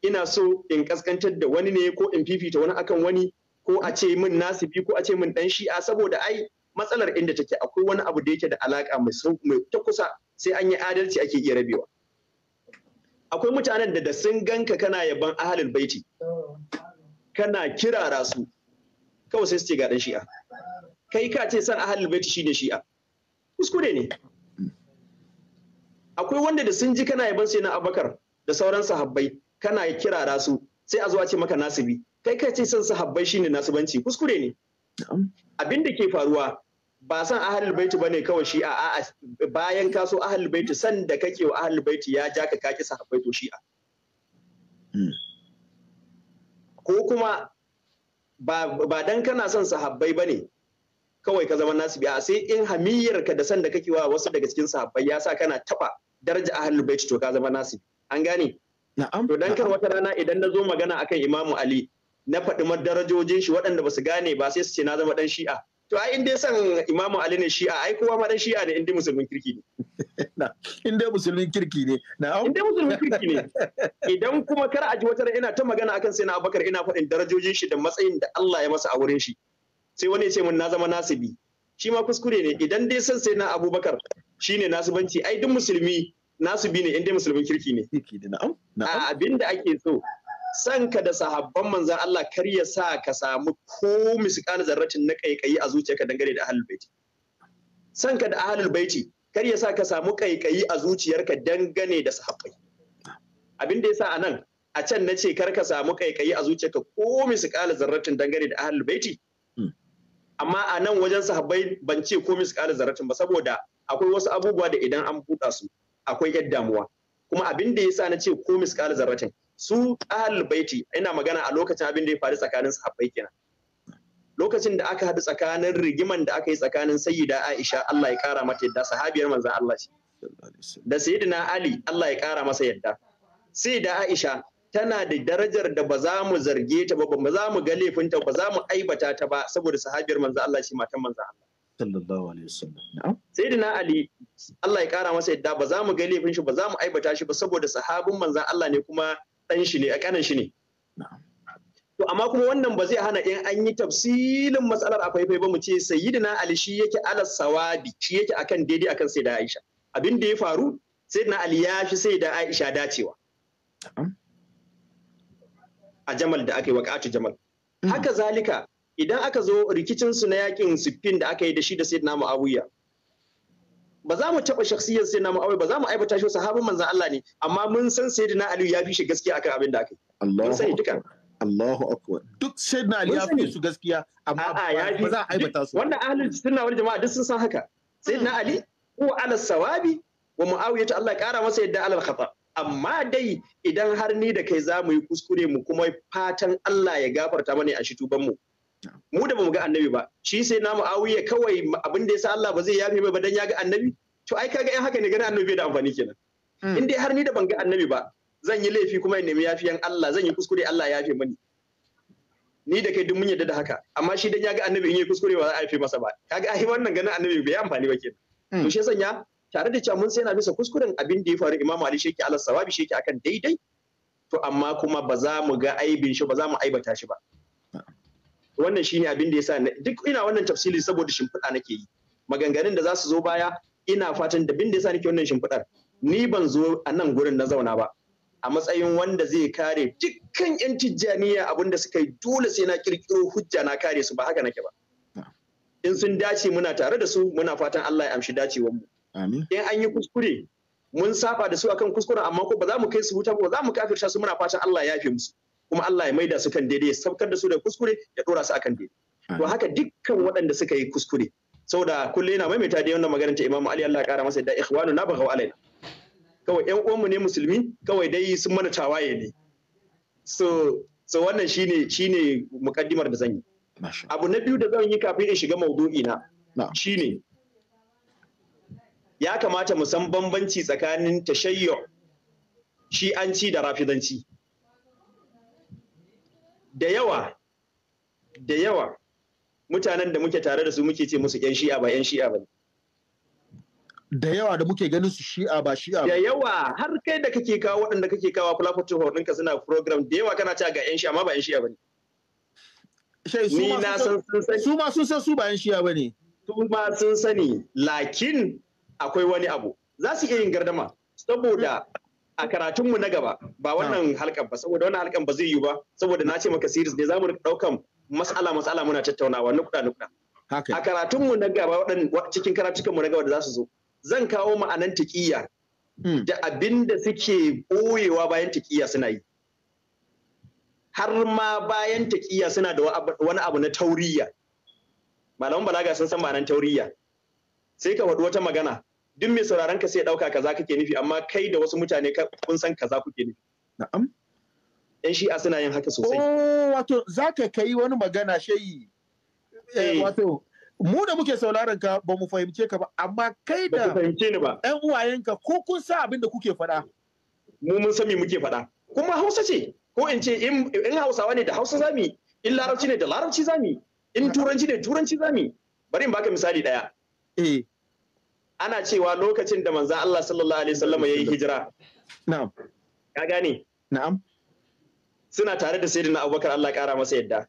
ina so in kaskantar da wani ne ko in fifita wani akan wani ko a ce min nasibi ko a ce min dan shi'a saboda ai matsalar inda take akwai wani abu da yake da alaka mai ta kusa sai an yi adalci ake iya rabewa akwai mutanen da da sun ganka kana yaban ahalul baiti kana kirara su kawai sai su ce ga dan shi'a kai ka ce san ahalul baiti shine shi'a kuskure ne akwai wanda da sun ji kana yaban sai na abakar da sauran sahabbai kana kirara su sai a zuwa ce maka nasibi kai kai ce son sahabbai shine nasibanci kuskure ne abin da ke faruwa ba san ahlul baiti bane kawai shi a'a bayan ka so ahlul baiti san da kake wa ahlul baiti ya ja ka kaki sahabbai to shi'a hmm. ko kuma ba dan kana son sahabbai bane kawai ka zama nasibi a sai in hamiyyar ka da san da kake wa wasu daga cikin sahabbai ya sa kana taba daraja ahlul baiti to ka zama nasibi an gane Na'am. To dan kar wata rana idan na zo magana akan Imamu Ali na faɗi darajojin shi waɗanda ba su gane ba sai su ce na zama ɗan shi'a. To ai in dai san Imamu Ali ne shi'a ai kowa ma ɗan shi'a ne in dai musulmin kirki ne. In dai musulmin kirki ne. Na'am. In dai musulmin kirki ne. Idan kuma kar a ji wata rana ina ta magana akan sai na Abubakar ina faɗin darajojin shi da matsayin da Allah ya masa a wurin shi. Sai wani ya ce mun na zama nasibi. Shi ma kuskure ne idan dai san sai na Abubakar shine nasibanci ai duk musulmi nasu bi ne inda musulmin kirki ne a abin da ake so san ka da sahabban manzan Allah kar ya sa ka samu ko misqal zarratin na kaikayi a zuciyarka dangane da ahlul baiti san ka da ahlul baiti kar ya sa ka samu kaikayi a zuciyarka dangane da sahabbai abin da yasa anan a can na ce kar ka samu kaikayi a zuciyarka ko misqal zarratin dangane da ahlul baiti hmm. amma a nan wajen sahabbai ban ce ko misqal zarratin ba saboda akwai wasu abubuwa da idan an buɗa su akwai yan damuwa kuma abin da yasa na ce ko misqal zarratin su ahlul baiti ina magana a lokacin abin da ya faru tsakanin sahabbai kenan lokacin da aka haɗu tsakanin rigiman da aka yi tsakanin sayyida Aisha Allah ya kara mata yadda sahabiyar manzon Allah ce da sayyidina Ali Allah ya kara masa yadda sayyida Aisha tana da darajar da ba za mu zarge ta ba ba za mu ga laifinta ba za mu aibata ta ba saboda sahabiyar manzon Allah ce matan manzon Allah sallallahu alaihi wasallam na'am sayyidina ali Allah ya kara masa yadda ba za mu ga laifin shi ba za mu aibata shi ba saboda sahabin manzon Allah ne kuma dan shi ne a kanan shi ne to amma kuma wannan ba zai hana in an yi tafsilin matsalar akwai ba mu ce sayyidina ali shi yake ala sawabi shi yake akan daidai akan sayyida Aisha abin da ya faru sayyidina ali ya fi sayyida Aisha dacewa a jamal da aka yi jamal hmm. haka zalika idan aka zo rikicin su na yakin siffin da aka yi da shi da sayyidina muawiya ba za mu taɓa shakhsiyar sayyidina muawiya ba za mu aibata shi sahabban manzon Allah ne amma mun san sayyidina Ali ya fi shi gaskiya akan abin da aka yi Allahu sani duka Allahu akbar duk sayyidina Ali ya fi su gaskiya amma ba za a aibata su wannan ahlul sunna wal jama'a duk sun san haka sayyidina Ali huwa ala sawabi wa ta Allah ya kara masa yadda alal khata amma dai idan har ni da kai za mu yi kuskure mu kuma fatan Allah ya gafarta mana a shi tuban mu mu da bamu ga annabi ba shi sai na muawiya kawai abin da yasa Allah ba zai yafe mai ba dan ya ga annabi to ai kaga in haka ne gani annabi bai da amfani kenan hmm. in dai har ni da ban ga annabi ba zan yi laifi kuma in nemi yafiyan Allah zan yi kuskure Allah ya yafe mani ni da kai duk mun yarda da haka amma shi dan ya ga annabi in yi kuskure ba za a yafe masa ba kaga ai wannan ganin annabi bai amfani ba kenan hmm. to shi sanya tare da cewa mun sai na bisa kuskuren abin da ya faru imamu Ali sheki Allah sawabi sheki akan daidai to amma kuma ba za mu ga aibin shi ba za mu aibata shi ba wannan shine abin da yasa duk ina wannan tafsiri saboda shimfiɗa nake yi maganganun da za su zo baya ina fatan da bin da yasa nake wannan shimfiɗar ni ban zo a nan gurin na zauna ba a matsayin wanda zai kare dukkan yan tijjaniya abin da suka yi dole sai na kirkiro hujja na kare su ba haka nake ba in sun dace muna tare da su muna fatan Allah ya amshi dacewar mu in an yi kuskure mun saba da su akan kuskuren amma ko ba za mu kai su wuta ba za mu kafirta su muna fatan Allah ya yafe musu kuma Allah ya maida su kan daidai ya saukar da su da kuskure ya dora su akan daidai to haka dukkan waɗanda suka yi kuskure saboda kullum yana maimaita da wannan maganar ta Imam Ali Allah ya kara masa da ikhwanu na baghaw alaina kawai ƴan uwanmu ne musulmi kawai dai sun mana tawaye ne so so wannan shine shine mukaddimar da zan yi abu na biyu da zan yi kafin in shiga maudu'i na shine ya kamata mu san bambanci tsakanin tashayyu shi'anci da rafidanci da yawa da yawa mutanen da muke tare da su muke ce musu yan shi'a ba yan shi'a ba da yawa da muke ganin su shi'a ba shi'a ba da yawa har kai da kake kawo waɗanda kake kawo platform ɗinka suna program da yawa kana cewa ga yan shi'a ma ba yan shi'a ba ne ni na san sun sani su ma sun san su ba yan shi'a ba ne su ma sun sani lakin akwai wani abu za su iya yin gardama saboda a karatunmu na gaba ba wannan halkan ba saboda wannan halkan ba zai yi ba saboda na ce maka series ne zamu daukan mas'ala mas'ala muna tattaunawa nukuda nukuda a karatunmu na gaba cikin karatukanmu na gaba da za su zo zan kawo ma'anan tiƙiyya hmm. da abin da suke boyewa bayan tiƙiyya suna yi har ma bayan taƙiyya suna da wani abu na tauriya malaman balaga sun san ma'anan tauriya sai ka faɗi wata magana duk mai sauraron ka sai dauka kaza kake nufi amma kai da wasu mutane kun san kaza kuke nufi na'am yan shi'a suna yin haka sosai oh wato zaka kai wani magana shayi eh, eh. wato mu da muke sauraron ka ba mu fahimce ka ba amma kai da fahimce ni ba Ɗan uwayenka ko kun sa abin da kuke faɗa mu mun san me muke faɗa kuma hausa ce ko in ce in hausawa ne da hausa zami in larabci ne da larabci zami in turanci ne turanci zami bari in baka misali daya eh ana cewa lokacin da manzan Allah sallallahu alaihi wasallam ya yi hijira. Na'am. Ka gane? Na'am. Suna tare da na Abubakar Allah ƙara masa yadda.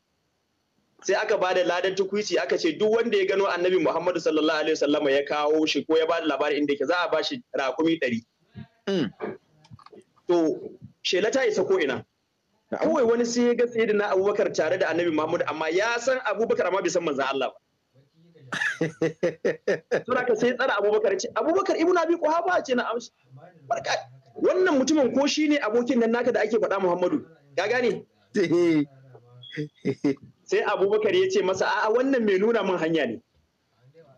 Sai aka ba da ladan tukwici aka ce duk wanda ya gano annabi Muhammadu sallallahu alaihi wasallam ya kawo shi ko ya ba da labarin inda ke za a ba shi raƙumi ɗari. Mm. To, shela ta isa ko ina. Kawai wani sai ya ga na Abubakar tare da annabi Muhammadu amma ya san Abubakar amma bai san manzan Allah ba. Sura ka sai tsara Abubakar ce Abubakar ibn Abi Quhafa ce na amshi. Wannan mutumin ko shi ne abokin nan naka da ake faɗa Muhammadu. Ka gane? Sai Abubakar ya ce masa a'a wannan mai nuna min hanya ne.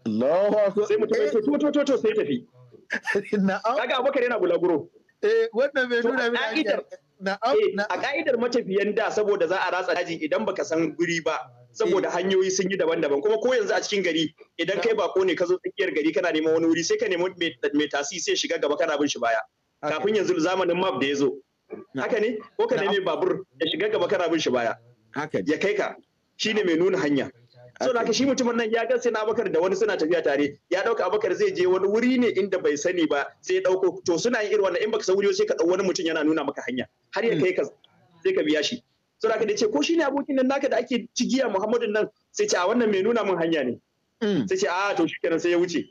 Allahu akbar. Sai mutum ya ce to to to sai tafi. Na'am. Kaga Abubakar yana bulaguro. Eh wannan mai nuna min hanya. Eh, a ka'idar matafiyan da saboda za a ratsa daji idan baka san guri ba. saboda hanyoyi sun yi daban-daban kuma ko yanzu a cikin gari idan kai bako ne ka zo tsakiyar gari kana neman wani wuri sai ka nemi mai tasi sai shiga gaba kana bin shi baya kafin yanzu zamanin map da ya zo haka ne ko ka nemi babur ya shiga gaba kana bin shi baya ya kai ka shi ne mai nuna hanya so haka shi mutumin nan ya ga sai abakar da wani suna tafiya tare ya dauka abakar zai je wani wuri ne inda bai sani ba sai ya dauko to suna yin irin wannan in baka san wuri sai ka dau wani mutum yana nuna maka hanya har ya hmm. kai ka sai ka biya shi saboda haka da ce ko shine abokin nan naka da ake cigiya Muhammadu nan sai ce a wannan mai nuna min hanya ne hmm. sai ce a to shikenan sai ya wuce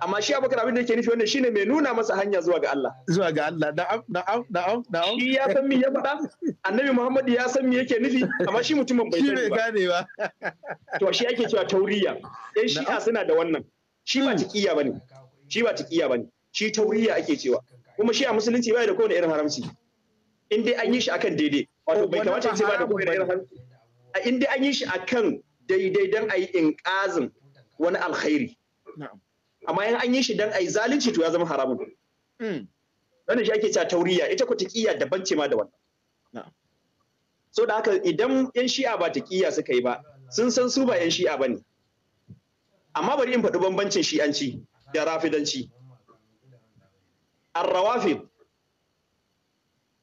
amma shi abokan abin da yake nufi wannan shine mai nuna masa hanya zuwa ga Allah zuwa ga Allah na'am na'am na'am na'am shi ya san me ya faɗa annabi Muhammadu ya san me yake nufi amma shi mutumin bai sani ba shi ba to shi ake cewa tauriya ɗan a suna da wannan shi ba hmm. ba bane shi ba ba bane shi tauriya ake cewa kuma shi a musulunci bai da kowane irin haramci in dai an yi shi akan daidai bai kamata ce ba da kuma a inda an yi shi akan daidai dan ayi inqazin wani alkhairi amma in an yi shi dan ayi zalunci to ya zama haramun hmm. wannan shi ake cewa tauriya ita ku taqiya daban ce ma da wannan so da haka idan yan shi'a ba taqiya suka yi ba sun san su ba yan shi'a ba ne. amma bari in faɗi bambancin shi'anci da rafidanci arrawafid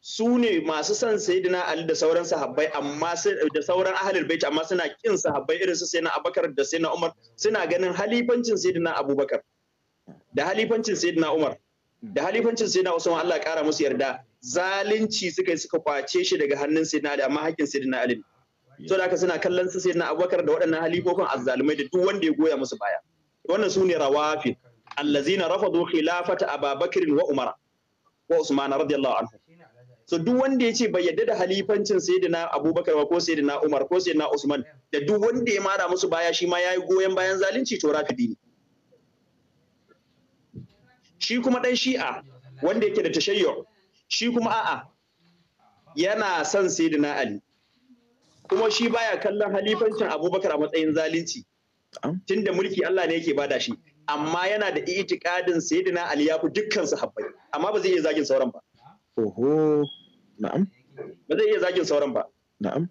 su ne masu son sayidina Ali da sauran sahabbai amma da sauran ahlul bait amma suna kin sahabbai irin su sayyidina Abubakar da sayyidina Umar suna ganin halifancin sayyidina Abubakar da halifancin sayyidina Umar da halifancin sayyidina Usman Allah ya kara musu yarda zalunci suka yi suka kwace shi daga hannun sayyidina Ali amma hakkin sayyidina Ali ne da haka suna kallon su sayyidina Abubakar da waɗannan halifofin azzalumai da duk wanda ya goya musu baya wannan su ne rawafi allazina rafadu khilafata Abubakar wa Umar wa Usman radiyallahu anhu so duk wanda ya ce bai yadda da halifancin sayyidina abubakar ko sayyidina umar ko sayyidina usman da duk wanda ya mara musu baya shi ma yayi goyon bayan zalunci to rafidi ne shi kuma dan shi'a wanda yake da tashayyo shi kuma a'a yana son sayyidina ali kuma shi baya kallon halifancin abubakar a matsayin zalunci tunda mulki Allah ne yake bada shi amma yana da itikadin sayyidina ali ya fi dukkan sahabbai amma ba zai iya zagin sauran ba Oho, na'am. Ba zai iya zagin sauran ba. Na'am.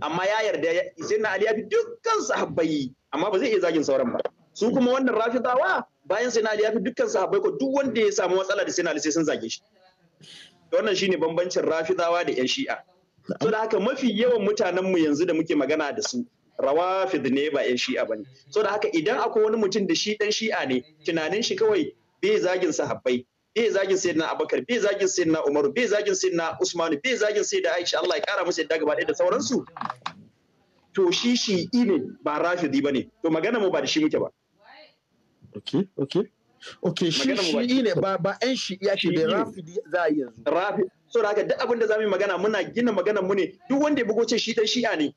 Amma ya yarda sai na Ali ya fi dukkan sahabbai amma ba zai iya zagin sauran ba. Su kuma wannan rafidawa bayan sai na Ali ya fi dukkan sahabbai ko duk wanda ya samu matsala da sai na Ali sai sun zage shi. Wannan shine bambancin rafidawa da ƴan shi'a. So da haka mafi yawan mutanenmu yanzu da muke magana da su rawafid ne ba ƴan shi'a bane. So da haka idan akwai wani mutum da shi ɗan shi'a ne tunanin shi kawai bai zagin sahabbai bai zagin na abakar bai zagin na umaru bai zagin na usmanu bai zagin da aisha Allah ya kara musu yadda gaba da sauransu to shi shi ne ba rafidi ne, to magana mu ba da shi muke ba Ok, ok, ok shi shi ne ba ba ɗan shi ya ke da rafidi za a yanzu Rafi, so da haka duk abin da mu yi magana muna gina magana mu ne duk wanda ya bugo ce shi dan shi'a ne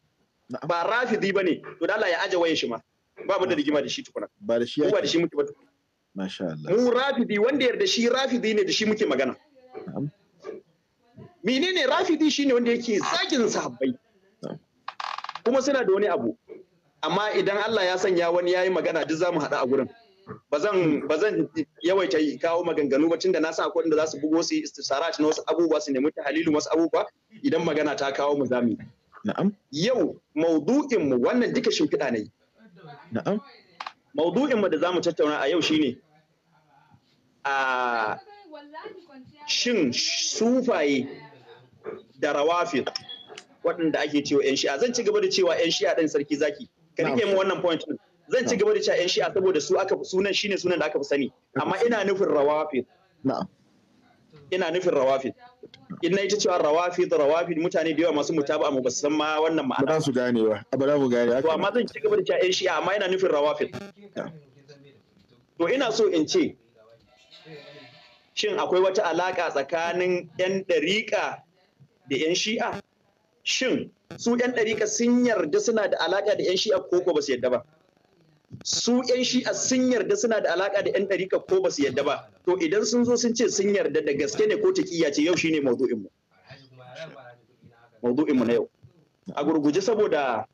ba rafidi ne, to da Allah ya aje wayan shi ma ba mu da rigima da shi tukuna ba da shi ba da shi muke ba Mun rafidi wanda yarda shi rafidi ne da shi muke magana. Menene rafidi shine wanda yake zagin sahabbai. Kuma suna da wani abu. Amma idan Allah ya sanya wani yayi magana duk za mu haɗu a gurin. Ba zan yawaita kawo maganganu ba tunda na sa akwai da za su bugo su istisara na wasu abubuwa su nemi tahalilin wasu abubuwa idan magana ta kawo mu zamu. Na'am. Yau maudu'in mu wannan duka shimfiɗa ne. Na'am. Maudu'in mu da mu tattauna a yau shine a shin sufaye da rawafi waɗanda ake cewa 'yan shi'a zan ci gaba da cewa 'yan shi'a ɗin sarki zaki ka rike mu wannan point zan ci gaba da cewa 'yan shi'a saboda su aka sunan shine sunan da aka fi sani amma ina nufin rawafid ina nufin rawafid in na ita cewa da rawafi mutane da yawa masu mutaba amma ba su san ma wannan ma'ana ba su gane ba ba za mu gane to amma zan ci gaba da cewa 'yan shi'a amma ina nufin rawafi. to ina so in ce shin akwai wata alaƙa tsakanin 'yan ɗariƙa da 'yan shi'a shin su 'yan ɗariƙa sun yarda suna da alaƙa da 'yan shi'a ko ko ba su yarda ba su 'yan shi'a sun yarda suna da alaƙa da 'yan ɗariƙa ko ba su yarda ba to idan sun zo sun ce sun yarda da gaske ne ko taƙiyya ce yau shine maudu'inmu mu na yau a gurguje saboda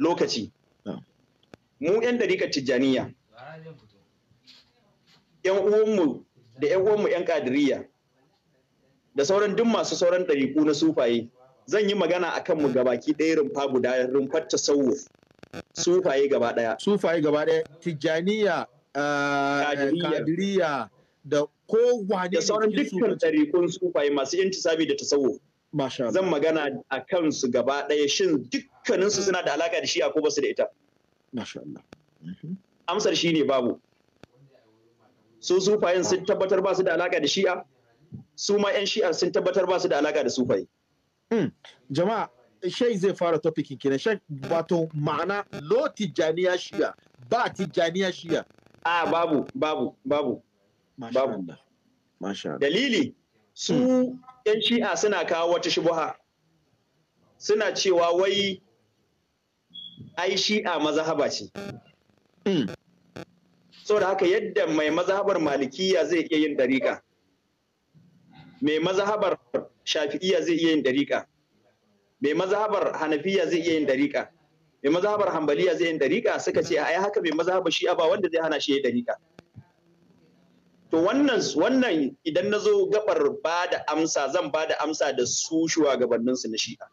lokaci mu 'yan ɗariƙa tijjaniya 'yan uwanmu da ƴan uwanmu ‘yan kadiriya da sauran duk masu sauran ɗariƙu na sufaye zan yi magana a kanmu gabaki ɗaya rumfa guda rumfar sauwo sufaye gaba ɗaya. Sufaye gaba ɗaya tijjaniya kadiriya eh, da wani da sauran dukkan ɗariƙun sufaye masu sabi da tasawuf. Zan magana a kansu gaba ɗaya shin dukkaninsu suna da alaka da shi ko ba su da ita. Mhm. Amsar shi ne babu. su sufayen sun tabbatar ba su da alaka da shi'a su ma 'yan shi'a sun tabbatar ba su da alaka da sufaye. Hmm. jama'a shai zai fara topikin kina, shai wato ma'ana lo tijjaniya shi'a ba tijjaniya shi'a a babu babu babu babu dalili su 'yan hmm. shi'a suna kawo wata shubuha suna cewa wai ai shi'a mazahaba ce hmm. saboda haka yadda mai mazhabar malikiya zai iya yin dariƙa mai mazhabar shafi'iya zai iya yin dariƙa mai mazhabar hanafiya zai iya yin dariƙa mai mazhabar hambaliya zai yin dariƙa suka ce ai haka mai mazhabar shi'a ba wanda zai hana shi yin dariƙa to wannan wannan idan na zo gabar ba da amsa zan ba da amsa da su shugabanninsu na shi'a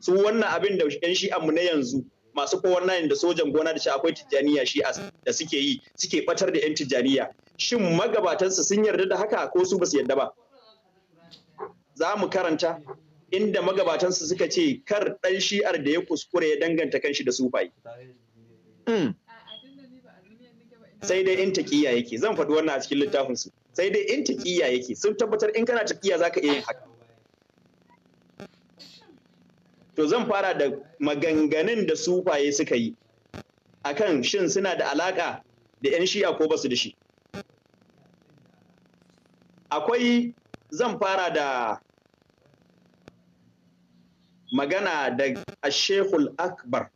su wannan abin da yan shi'anmu na yanzu masu nan da sojan gona da shi akwai tijjaniya shi da suke yi suke batar da 'yan tijjaniya shin magabatansu sun yarda da haka ko su basu yarda ba za mu karanta inda magabatansu suka ce kar ɗan shi'ar da ya kuskure ya danganta kanshi da sufayi hmm. sai dai in taƙiya yake zan faɗi wannan a cikin littafinsu sai dai in taƙiya yake sun tabbatar in kana taƙiya za ka iya yin haka To zan fara da maganganun da sufaye suka yi a kan shin suna da alaƙa da 'yan shi'a ko basu da shi. Akwai zan fara da magana da Ashekul Akbar.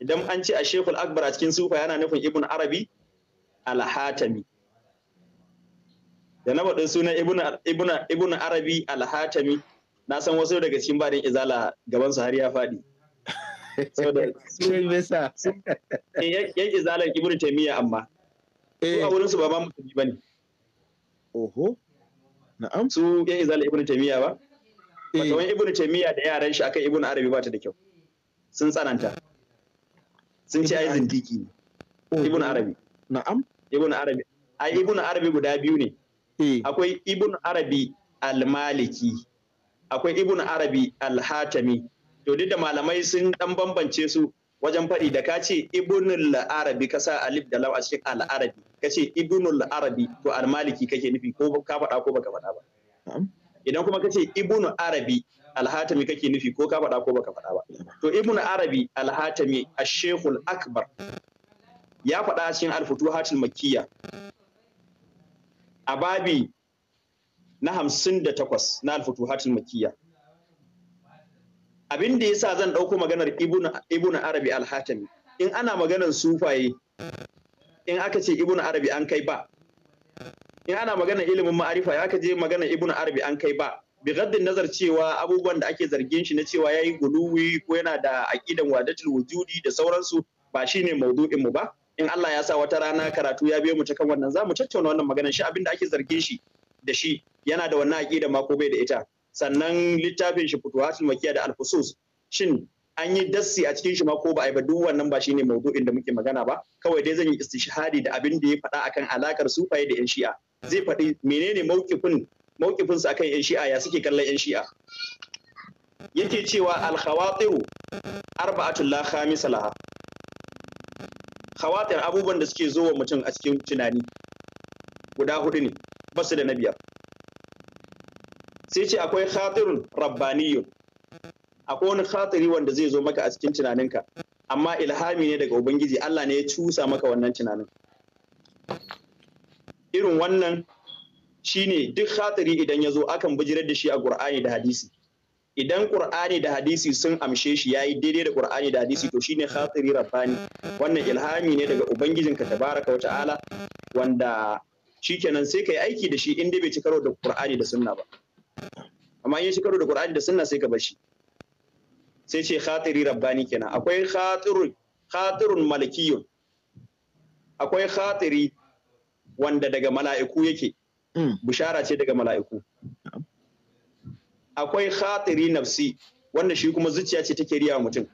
Idan an ce Ashekul Akbar a cikin sufa yana nufin Ibn Arabi al-Hatami. Da na faɗin sunan Ibn Arabi al-Hatami. na san wasu daga cikin baɗin izala gaban su har ya faɗi. Eh, yan izalar Ibn taimiyya amma. Su eh. a wurinsu ba ma musulmi ba ne. Oho, na'am. Su yan izalar Ibn taimiyya ba? Fatawan eh. Ibn Taymiyyah da yaran shi akan Ibn Arabi ba ta da kyau. Sun tsananta. Sun ce ai zindiki ne. Ibn Arabi. Na'am. Ibn Arabi. Ai Ibn Arabi guda biyu ne. Akwai Ibn Arabi almaliki. maliki akwai ibn arabi al-hatami to duk da malamai sun dan bambance su wajen faɗi da ka ce al arabi ka alif da lam a cikin al arabi ka ce al arabi to al maliki kake nufi ko ka faɗa ko baka faɗa ba idan kuma ka ce ibnu arabi al hatami kake nufi ko ka faɗa ko baka faɗa ba to Ibn arabi al hatami ash-shaykhul akbar ya faɗa cikin al futuhatul makkiyya a babi na hamsin da takwas na alfutuhatul makiyya abin da yasa zan ɗauko maganar ibn arabi al in ana maganar sufaye in aka ce ibn arabi an kai ba in ana maganar ilimin ma'arifa ya aka je maganar ibn arabi an kai ba bi nazar cewa abubuwan da ake zargin shi na cewa yayi guluwi ko yana da aƙidan wadatul wujudi da sauransu ba shine maudu'in mu ba in Allah ya sa wata rana karatu ya biyo mu ta kan wannan za mu tattauna wannan maganar shi abin da ake zargin shi da shi yana da wannan aƙida ma ko bai da ita sannan littafin shi futuhatul makiya da alfusus shin an yi dassi a cikin shi ma ko ba a yi ba duk wannan ba shine maudu'in da muke magana ba kawai dai zan yi istishhadi da abin da ya faɗa akan alakar sufaye da yan shi'a zai faɗi menene mawkifin mawkifin su akan yan shi'a ya suke kallon yan shi'a yake cewa al-khawatiru arba'atul la khamisa khawatir abubuwan da suke zo wa mutum a cikin tunani guda hudu ne basu da na biyar sai ce akwai khatirun rabbaniyun akwai wani khatiri wanda zai zo maka a cikin tunaninka amma ilhami ne daga ubangiji Allah ne ya cusa maka wannan tunanin irin wannan shi ne duk khatiri idan ya zo akan bijirar da shi a ƙur'ani da hadisi idan ƙur'ani da hadisi sun amshe shi ya yi daidai da ƙur'ani da hadisi to shi ne khatiri rabbani wannan ilhami ne daga ubangijinka tabaraka wa ta'ala wanda shikenan sai kai aiki da shi in dai bai ci karo da Qur'ani da sunna ba amma in ya ci karo da Qur'ani da sunna sai ka bar shi sai ce khatiri rabbani kenan akwai khatirun khatirun malakiyun akwai khatiri wanda daga mala'iku yake hmm. bishara ce daga mala'iku akwai khatiri nafsi wanda shi kuma zuciya ce take riya mutum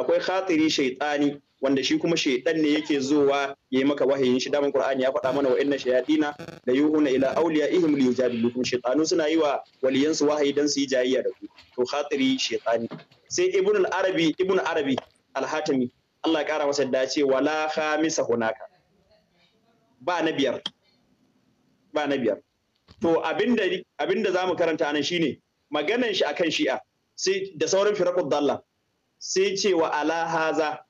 akwai khatiri shaytani wanda shi kuma shaidan ne yake zuwa ya yi maka wahayin shi daman qur'ani ya faɗa mana wa inna shayatina da yuhuna ila awliya ihim li Kuma shaytanu suna yi wa waliyansu wahayi dan su yi jayayya da ku to khatiri shaytani sai ibn al-arabi ibn arabi al-hatimi Allah ya kara masa dace wala khamisa hunaka ba na biyar ba na biyar to abinda abinda zamu karanta anan shine maganan shi akan shi'a sai da sauran firaqud dalla sai ce wa ala haza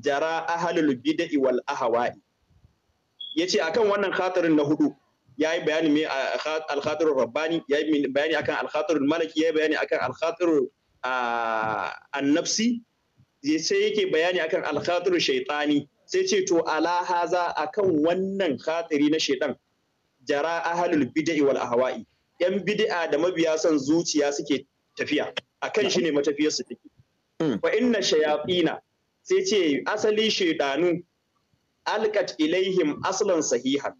jara ahalul bid'i wal ahwa'i yace akan wannan khatirin na hudu yayi bayani me al khatirur rabbani yayi bayani akan al khatirul malaki yayi bayani akan al khatirur an nafsi sai yake bayani akan al khatirur shaytani sai ce to ala haza akan wannan khatiri na shaytan jara ahalul bid'i wal ahwa'i yan bid'a da mabiya son zuciya suke tafiya akan shi ne matafiyar su take fa hmm. inna shayatina sai ce asali shaidanu alkat ilaihim aslan sahihan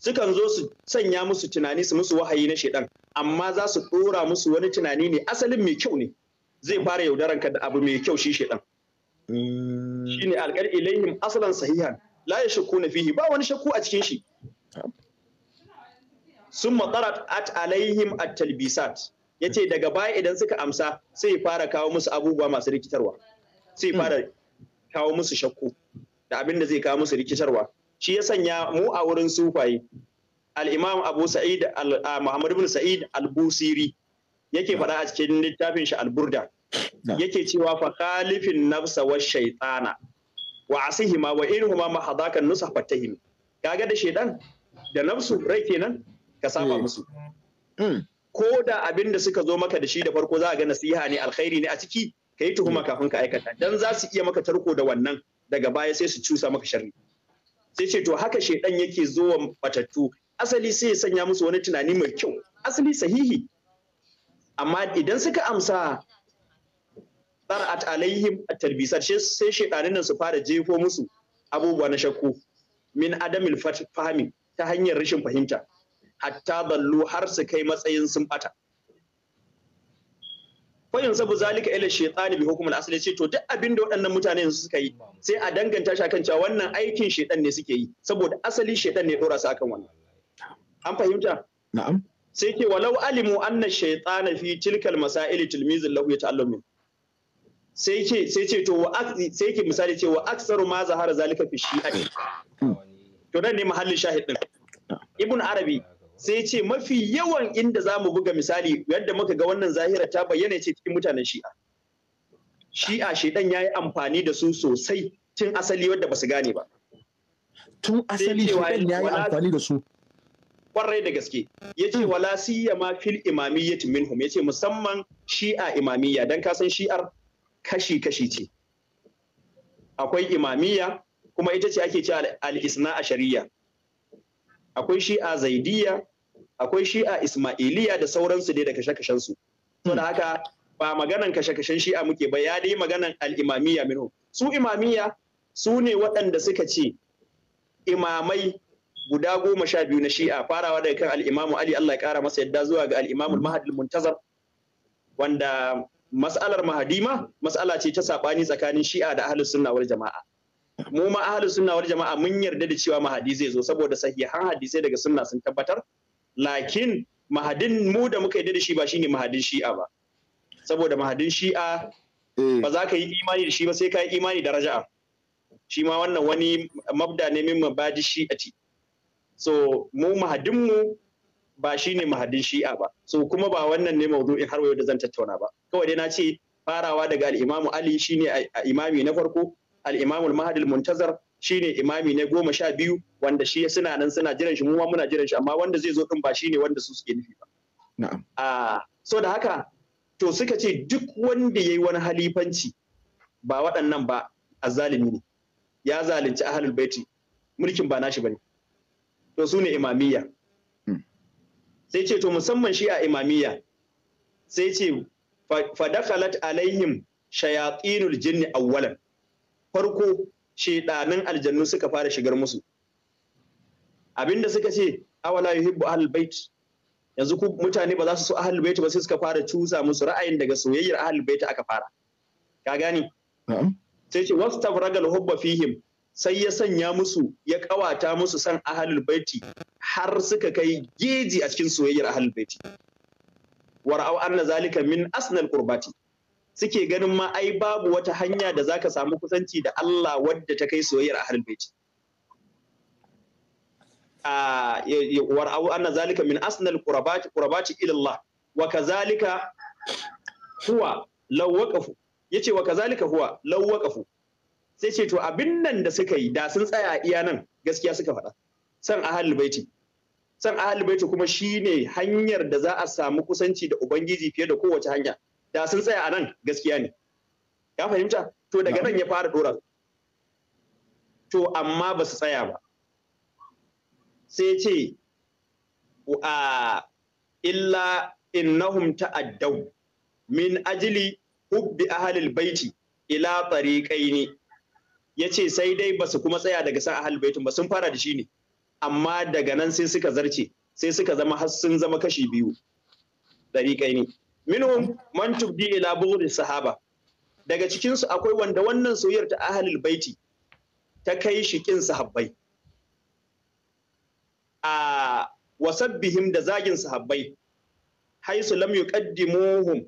sukan zo su sanya musu tunani su musu wahayi na shaidan amma za su dora musu wani tunani ne asalin mai kyau ne zai fara yaudaran ka da abu mai kyau shi shaidan hmm. shine alkar ilaihim aslan sahihan la na fihi ba wani shakku a cikin shi sun matarat at alaihim at talbisat yace daga baya idan suka amsa sai fara kawo musu abubuwa masu rikitarwa sai fara kawo musu shakku da abin da zai kawo musu rikitarwa shi ya sanya mu a wurin sufaye al-imam abu sa'id muhammad ibn sa'id al-busiri yake faɗa a cikin littafin shi al-burda yake cewa fa khalifin nafsa wa shaytana wa asihima wa irhuma ma hadaka nusa fatahim kaga da shaidan da nafsu rai kenan ka saba eh. musu hmm. ko da abin da suka zo maka da shi da farko za a ga nasiha ne alkhairi ne a ciki ka yi tuhuma mm. kafin ka aikata dan za su iya maka tarko da wannan daga baya sai su cusa maka sharri sai ce to haka shedan yake zuwa batattu asali sai ya sanya musu wani tunani mai kyau asali sahihi amma idan suka amsa tsara'at alaihim a talbisar sai shedanin nan su fara jefo musu abubuwa na shakku min adamil fahmi ta hanyar rashin fahimta hatta ballu har su kai matsayin sun bata Ko yanzu bu zalika ila shaytani bi hukm al-asli ce to duk abin da waɗannan mutane suka yi sai a danganta shi kan cewa wannan aikin shaytan ne suke yi saboda asali shaytan ne ya dora su akan wannan an fahimta na'am sai ke walau alimu anna shaytana fi tilkal masail tilmizin lahu yata'allamu sai ce sai ce to wa sai ke misali ce wa aksaru ma zahara zalika fi shi'a hmm. to nan ne mahallin shahid din ibn arabi sai ce mafi yawan inda za mu buga misali yadda muka ga wannan zahira ta bayyana ce cikin mutanen shi'a shi'a shaidan ya yi amfani da su sosai tun asali wadda ba su gane ba tun asali shaidan ya yi amfani da su kwarai da gaske ya ce wala siya ma fil imamiyyati minhum ya ce musamman shi'a imamiyya dan san shi'ar kashi kashi ce akwai imamiyya kuma ita ce ake ce al'isna a shari'a akwai shi'a zaidiya akwai shi'a ismailiya da sauransu dai da kashe kashensu. su da hmm. haka ba maganan kashe-kashen shi'a muke ba ya dai maganan al'imamiya mino. minhum su imamiyya su ne waɗanda suka ce imamai guda goma sha biyu na shi'a farawa daga kan al'imamu ali allah ya kara masa yadda zuwa ga al'imamu mahadil muntazar wanda mas'alar mahadima mas'ala ce ta saɓani tsakanin shi'a da ahlus sunna jama'a mu ma ahlus sunna wal jama'a mun yarda da cewa mahadi zai zo saboda sahihan hadisai daga sunna sun tabbatar lakin mahadin mu da muka yarda da shi ba shine mahadin shi'a ba saboda mahadin shi'a eh. ba za ka yi imani da shi ba sai ka yi imani da raja'a shi ma wannan wani mabda ne min mabadi ce so mu mahadin mu ba shine mahadin shi'a ba so kuma ba wannan ne maudu'in har wayo da zan tattauna ba kawai dai na ce farawa daga al-imamu ali shine imami na farko al-imamul mahadil muntazar shine imami ne goma sha biyu wanda shi suna nan suna jiran shi mu ma muna jiran shi amma wanda zai zo din ba shine wanda su suke nufi ba na'am ah so da haka to suka ce duk wanda yayi wani halifanci ba waɗannan ba azzalimi ne ya zalunci ahlul baiti mulkin ba nashi bane to su ne imamiyya hmm. sai ce to musamman shi a imamiyya sai ce fadakalat alaihim shayatinul jinni awwalan farko shedanin aljannu suka fara shigar musu abinda suka ce awala yuhibbu ahlul bait yanzu ku mutane ba za su so ahlul bait ba sai suka fara cusa musu ra'ayin daga soyayyar ahlul bait aka fara ka gani sai ce wastabragal hubba fihim sai ya sanya musu ya kawata musu san ahlul baiti har suka kai geji a cikin soyayyar ahlul baiti wara'au anna zalika min asnal qurbati suke ganin ma ai babu wata hanya da zaka samu kusanci da Allah wadda ta kai soyayyar ahlul bait a war'au anna zalika min asnal qurabati qurabati ila Allah wa kazalika huwa law waqafu yace wa kazalika huwa law waqafu sai ce to abin nan da suka yi da sun tsaya iya nan gaskiya suka faɗa san ahlul baiti san ahlul baiti kuma shine hanyar da za a samu kusanci da ubangiji fiye da kowace hanya da sun tsaya a nan gaskiya ne ya fahimta to daga nan ya fara dora to amma ba su tsaya ba sai ce a illa innahum ta'addaw min ajili hubbi ahlil baiti ila tariqaini yace sai dai ba su kuma tsaya daga san ahlul baitin ba sun fara da shi ne amma daga nan sai suka zarce sai suka zama har sun zama kashi biyu tariqaini minhum man tubdi ila buhuri sahaba daga cikin su akwai wanda wannan soyayyar ta ahlul baiti ta kai shi kin sahabbai a wasabbihim da zagin sahabbai haisu lam yuqaddimuhum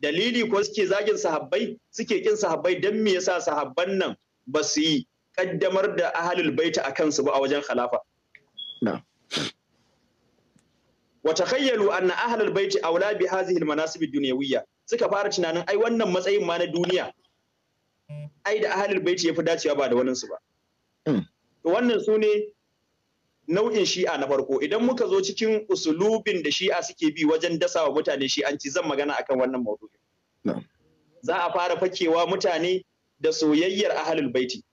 dalili ko suke zagin sahabbai suke kin sahabbai dan me yasa sahabban nan ba su yi kaddamar da ahlul baiti akan su ba a wajen khalafa na'am wata takhayyalu anna ahlul baiti aula bi hadhihi almanasib ad-dunyawiyya suka fara tunanin ai wannan matsayin ma na duniya ai da ahlul baiti yafi dacewa ba da wani ba hmm. to wannan su ne nau'in shi'a na farko idan muka zo cikin usulubin da shi'a suke bi wajen dasa wa mutane shi'anci zan magana akan wannan maudu'in za a fara fakewa mutane da soyayyar ahlul baiti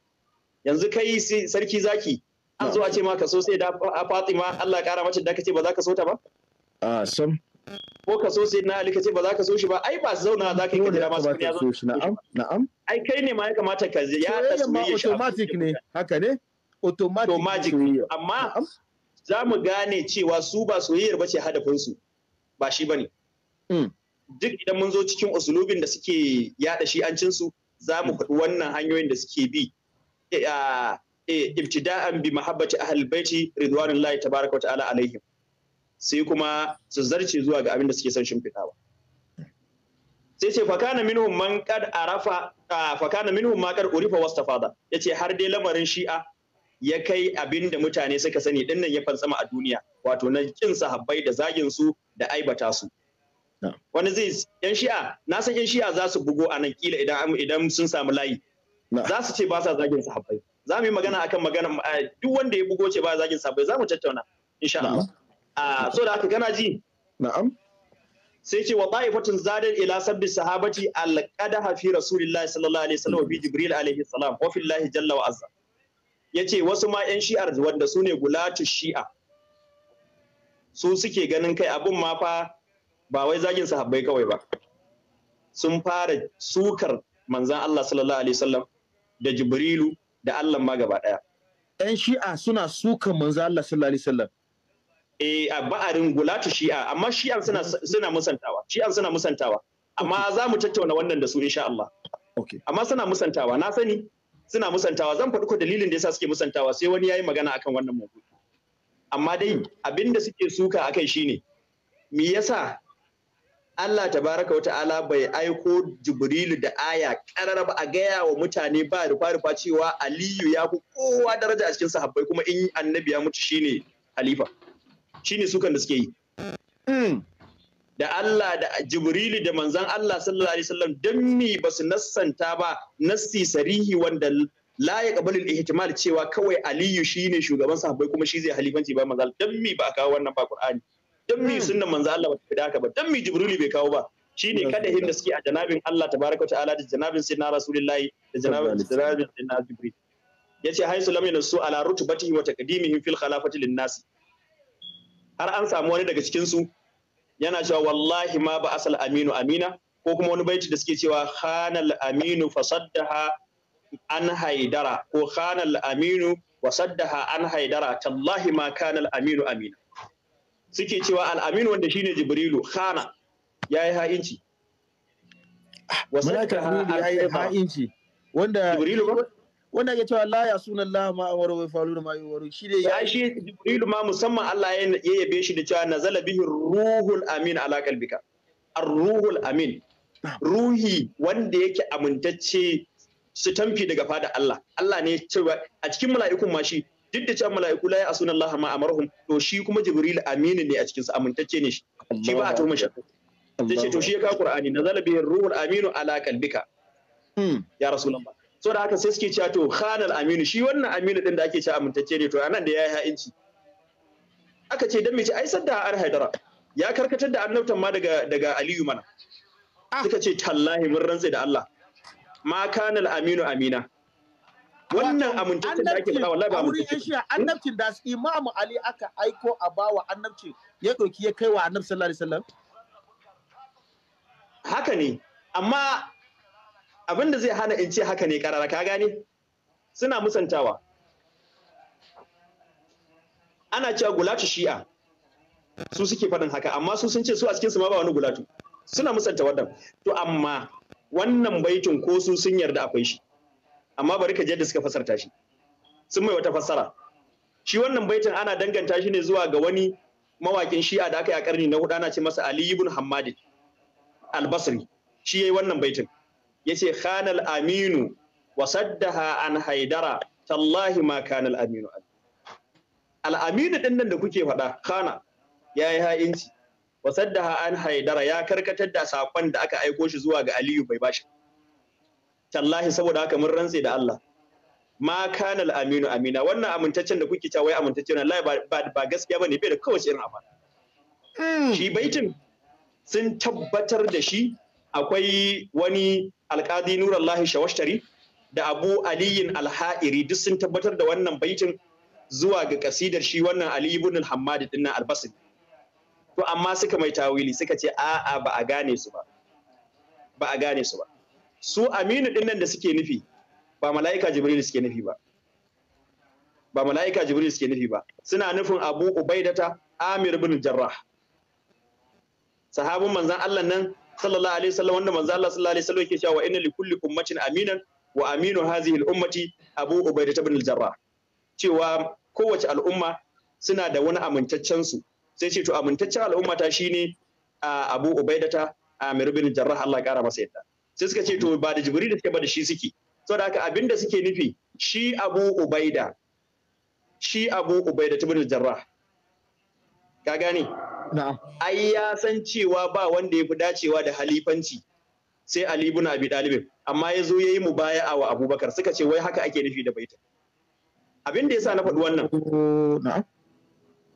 yanzu kai sarki zaki an zo a ce ma ka so sai da Fatima Allah kara mace da kace ba za ka so ta ba a sam ko ka so sai na Ali kace ba za ka so shi ba ai ba zauna za ka yi kadira masu ya zo na'am na'am ai kai ne ma ya kamata ka ya ya shi automatic ne haka ne automatic amma za mu gane cewa su ba soyayyar ba ce hadafinsu ba shi bane hmm. duk idan mun zo cikin usulubin da suke yada shi an cinsu za mu faɗi wannan hanyoyin da suke bi eh, Eh, ibtida'an bi mahabbati ahlul baiti ridwanullahi tabaraka wa ta'ala alaihim sai kuma su zarce zuwa ga abin da suke son shimfiɗawa sai ce fakana minhum man qad arafa fakana minhum ma qad urifa wastafada yace har dai lamarin shi'a ya kai abin da mutane suka sani nan ya fantsama a duniya wato na kin sahabbai da zagin su da aibata su wani zai yan shi'a na san yan shi'a za su bugo a nan kila idan idan sun samu layi za su ce ba sa zagin sahabbai za mu yi magana akan magana eh, duk wanda ya bugo ce ba zagin sabai za mu tattauna insha Allah a ah, so da haka gana ji na'am sai ce wa ta'ifatun zadan ila sabbi sahabati alqadaha fi rasulillah sallallahu alaihi wasallam bi jibril alaihi salam wa fillahi jalla wa azza yace wasu ma yan shi'ar wanda su ne gulatu shi'a su suke ganin kai abun ma fa ba wai zagin sahabbai kawai ba sun fara sukar manzan Allah sallallahu alaihi wasallam da jibrilu da Allah ma gaba ɗaya. ‘Yan shi'a suna sukan manzo Allah sallallahu alaihi wasallam. Eh a ba'arin gulatu shi'a amma shi'an suna suna musantawa shi'an suna musantawa amma za mu tattauna wannan da su insha Allah. Amma suna musantawa na sani suna musantawa zan faɗi ko dalilin da yasa suke musantawa sai wani yayi magana akan wannan mawdu'i. Amma dai abinda suke suka akan shine me yasa Allah tabaraka wa ta'ala bai aiko Jibrilu da aya karar ba a gaya wa mutane ba rufa rufa cewa Aliyu ya fi kowa daraja a cikin sahabbai kuma in annabi ya mutu shine halifa shine sukan da suke yi hmm. da Allah da Jibrilu da manzan Allah sallallahu alaihi wasallam dan mi basu nassanta ba nassi sarihi wanda la ya qabalul ihtimal cewa kawai Aliyu shine shugaban sahabbai kuma shi zai halifanci ba manzal dan mi ba kawo wannan ba Qur'ani dan mi hmm. sunnan manzo Allah ba da haka ba dan mi jibrili bai kawo ba shine hmm. kada hinda suke a janabin Allah tabaraka ta'ala da janabin sayyidina rasulullahi da janabin janabin sayyidina jibril yace haisu lam su ala rutubatihi wa taqdimihi fil khilafati lin nas har an samu wani daga cikin su yana cewa wallahi ma ba asal aminu amina ko kuma wani baiti da suke cewa khanal aminu fasaddaha an haidara ko khanal aminu wasaddaha an haidara tallahi ma kanal aminu amina suke cewa al'amin wanda shine jibrilu khana ya yi ha'inci malaka ya ha'inci wanda jibrilu wanda ya cewa la ya suna Allah ma amaru wa falu ma yuwaru shi ne ya shi jibrilu ma musamman Allah ya yabe shi da cewa nazala bihi ruhul amin ala kalbika ar-ruhul amin ruhi wanda yake amintacce su tamfi daga fada Allah Allah ne cewa a cikin mala'ikun ma shi duk da cewa mala'iku la ya'suna Allah ma amarhum to shi kuma Jibril aminu ne a cikin sa amintacce ne shi shi ba a tuhuma shi sai ce to shi ya ka Qur'ani nazala bihi ruhul aminu ala qalbika hmm. ya rasulullah so da haka sai suke cewa to khanal aminu shi wannan aminu din da ake cewa amintacce ne to anan da yayi ha'inci aka ce dan me ce ai sadda ar haidara ya karkatar da annabtan ma daga daga aliyu mana ah. suka ce tallahi mun rantse da Allah ma kanal aminu amina wannan amintaccen da ake faɗa wallahi ba amintaccen hmm? annabcin da su Imam Ali aka aiko a bawa annabci ya ɗauki ya kai wa annabi sallallahu alaihi wasallam haka ne amma abin da zai hana in ce haka ne karara ka gane suna musantawa ana cewa gulatu shi'a su suke faɗin haka amma su sun ce su a cikin su ma ba wani gulatu suna musanta wannan to amma wannan baitin ko su sun yarda akwai shi amma bari ka je da suka fasarta shi sun mai wata fassara shi wannan baitin ana danganta shi ne zuwa ga wani mawakin shi'a da aka yi a karni na hudu ana ce masa ali ibn hammad al-basri shi yayi wannan baitin yace khanal aminu wa saddaha an haidara tallahi ma kanal aminu al-aminu din nan da kuke faɗa khana yayi ha'inci wa saddaha an haidara ya karkatar da sakon da aka aiko shi zuwa ga aliyu bai bashi tallahi saboda haka mun rantse da Allah ma kana aminu amina wannan amintaccen da kuke cewa wai amintacce ne wallahi ba ba gaskiya bane bai da kowace irin amana hmm. shi baitin sun tabbatar da shi akwai wani alkadi nurullahi shawashtari da abu aliyin alha'iri duk sun tabbatar da wannan baitin zuwa ga kasidar shi wannan ali ibn al-hammad din nan albasri to amma suka mai tawili suka ce a'a ba a gane su ba ba a gane su ba su aminu din nan da suke nufi ba mala'ika jibril suke nufi ba ba mala'ika jibril suke nufi ba suna nufin abu ubaidata amir bin jarrah sahabin manzan Allah nan sallallahu alaihi wasallam wanda manzan Allah sallallahu alaihi wasallam yake cewa wa inna kulli ummatin aminan wa aminu hadhihi al-ummati abu ubaidata bin jarrah cewa kowace al'umma suna da wani amintaccen su sai ce to amintaccen al'ummata shine abu ubaidata amir bin jarrah Allah ya kara masa yadda sai suka ce to ba da jibril suke ba da shi suke saboda haka abin da suke nufi shi abu ubaida shi abu ubaida tibin jarrah ka gane ai ya san cewa ba wanda ya fi dacewa da halifanci sai ali ibn abi talib amma ya zo ya yi mubaya'a wa abubakar suka ce wai haka ake nufi da baita abin da yasa na faɗi wannan Na'am.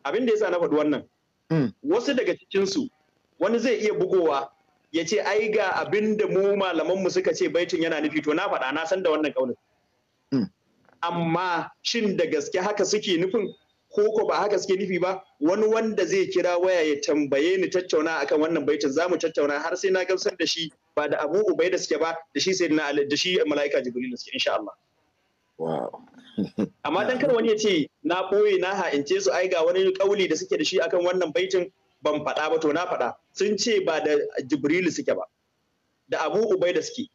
abin da yasa na faɗi wannan hmm. wasu daga cikinsu wani zai iya bugowa ya ce ai ga abin da mu malamanmu suka ce baitin yana nufi to na faɗa na san da wannan ƙaunin. Hmm. Amma shin da gaske haka suke nufin ko ko ba haka suke nufi ba wani wanda zai kira waya ya tambaye ni tattauna akan wannan baitin zamu tattauna har sai na gamsar da shi ba da Abu Ubaida suke ba da shi sai na da shi malaika Jibril suke insha Allah. Amma dan kar wani ya ce na boye na ha'ince su ai ga wani kauli da suke da shi akan wannan baitin ban faɗa ba to na faɗa sun ce ba da jibrilu suke ba da abu ubai da suke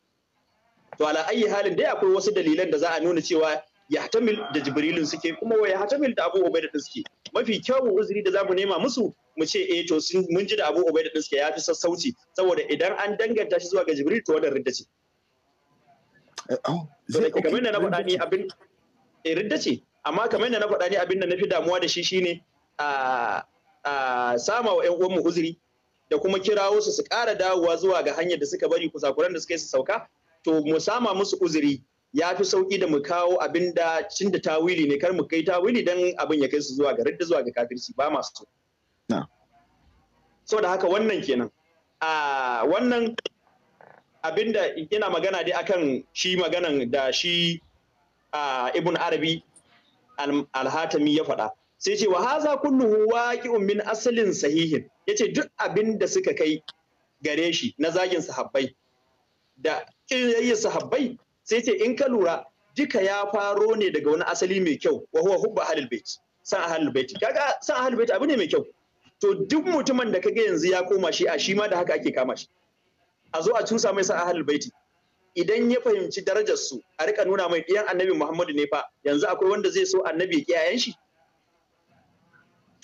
to ala ayi halin dai akwai wasu dalilan da za a nuna cewa hatamil da Jibril suke kuma wa hatamil da abu ubai da suke mafi kyawun uzuri da zamu nema musu mu ce eh to mun ji da abu ubai da suke ya fi sassauci saboda idan an danganta shi zuwa ga jibril to wannan ridda ce eh, oh, kamar da na faɗa ni abin eh, ridda ce amma kamar da na faɗa ni abin da na fi damuwa da shi shine a ah, sama wa 'yan uwanmu uzuri da kuma kirawo su su ƙara dawowa zuwa ga hanyar da suka bari kusakuran da suka yi su sauka to mu sama musu uzuri ya fi sauki da mu kawo abin da cin da tawili ne kar mu kai tawili don abin ya kai su zuwa ga radda zuwa ga kafirci ba masu so. da haka wannan kenan a wannan abin da ina magana dai akan shi maganan da shi ibn arabi Alhatami ya faɗa sai ce wa haza kulluhu waqi'un min asalin sahihin yace duk abin da suka kai gare shi na zagin sahabbai da kiyayya sahabbai sai ce in ka lura duka ya faro ne daga wani asali mai kyau wa huwa hubba ahlul bait san ahlul bait kaga san ahlul bait abu ne mai kyau to duk mutumin da kaga yanzu ya koma shi a shi ma da haka ake kama shi a zo a cusa mai san ahlul bait idan ya fahimci darajar su a rika nuna mai ɗiyan annabi Muhammadu ne fa yanzu akwai wanda zai so annabi ya kiyayen shi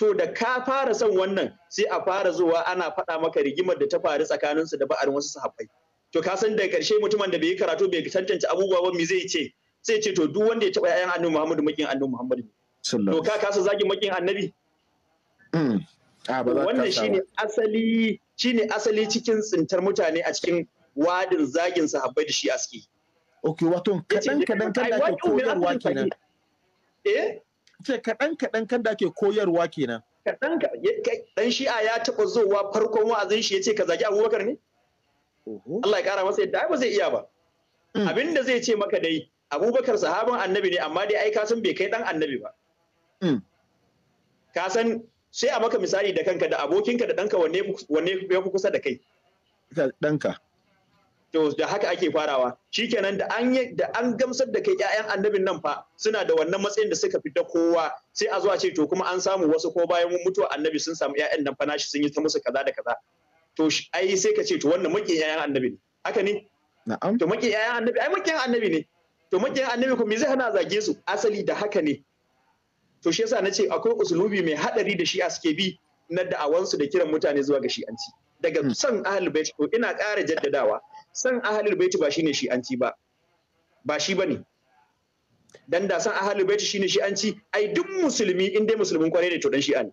to da ka fara son wannan sai a fara zuwa ana faɗa maka rigimar da ta faru tsakaninsu da ba'arin wasu sahabbai to ka san da ƙarshe mutumin da bai yi karatu bai tantance abubuwa ba me zai ce sai ce to duk wanda ya taɓa ƴaƴan annabi Muhammadu makin annabi Muhammadu to ka kasa zagin makin annabi hmm. ah, wannan shine asali shine asali cikin tsintar mutane a cikin wadin zagin sahabbai da shi aski okay wato kadan kadan kan da ke koyarwa kenan eh ce kaɗan kaɗan kan da ake koyarwa kenan. Kaɗan kaɗan ɗan shi'a ya taɓa zowa farkon wa'azin shi ya ce ka zaki abubakar ne? Allah ya ƙara masa yadda ai ba zai iya ba. Mm. Abin da zai ce maka dai abubakar sahaban annabi ne amma dai ai ka bai kai ɗan annabi ba. Mm. Ka san sai a maka misali da kanka da abokinka da ɗanka wanne ya fi kusa da kai. Ɗanka. to da haka ake farawa shikenan da an da an gamsar da kai ƴaƴan annabin nan fa suna da wannan matsayin da suka fita kowa sai a zuwa ce to kuma an samu wasu ko bayan mun mutuwa annabi sun samu ƴaƴan nan fa nashi sun yi ta musu kaza da kaza to ai sai ka ce to wannan maƙin ƴaƴan annabi ne haka ne na'am to maƙin ƴaƴan annabi ai maƙin annabi ne to maƙin annabi ko me zai hana zage su asali da haka ne to shi yasa nace akwai usulubi mai hadari da shi a suke bi na da'awansu da kiran mutane zuwa ga shi'anci daga hmm. son ahlul bait ko ina ƙara jaddadawa san ahalul baiti ba shine shi'anci ba ba shi bane dan da san ahalul baiti shine shi'anci ai duk musulmi in dai musulmin kwarai ne to dan shi'a ne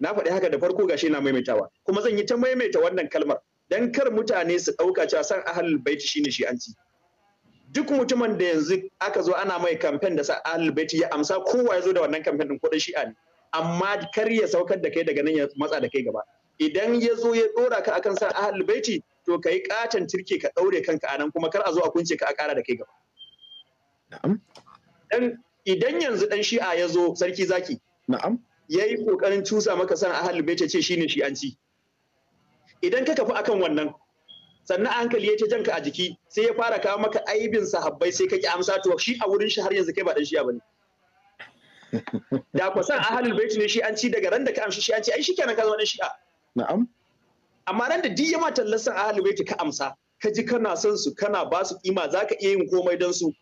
na faɗi haka da farko gashi na maimaitawa kuma zan yi ta maimaita wannan kalmar dan kar mutane su ɗauka cewa san ahalul baiti shine shi'anci duk mutumin da yanzu aka zo ana mai kamfen da sa ahalul baiti ya amsa kowa ya zo da wannan kamfen din ko dan shi'a ne amma kar ya saukar da kai daga nan ya matsa da kai gaba idan ya zo ya dora ka akan san ahlul baiti to ka yi katon cirke ka ɗaure kanka a nan kuma kar a zo a kunce ka a ƙara da kai gaba. Dan idan yanzu dan shi'a ya zo sarki zaki. Na'am. Ya yi ƙoƙarin cusa maka san a halin ce ce shine shi'anci. Idan ka kafi akan wannan sannan hankali ya ce janka a jiki sai ya fara kawo maka aibin sahabbai sai kake amsa to shi a wurin shi har yanzu kai ba dan shi'a bane. Da kwasan ahalul bait ne shi an ci daga ran da ka amshi shi an ci ai shikenan ka zama dan shi'a. Na'am. amma nan da duk ya ma tallasan ka amsa ka ji kana son su kana ba su kima za ka iya yin komai don su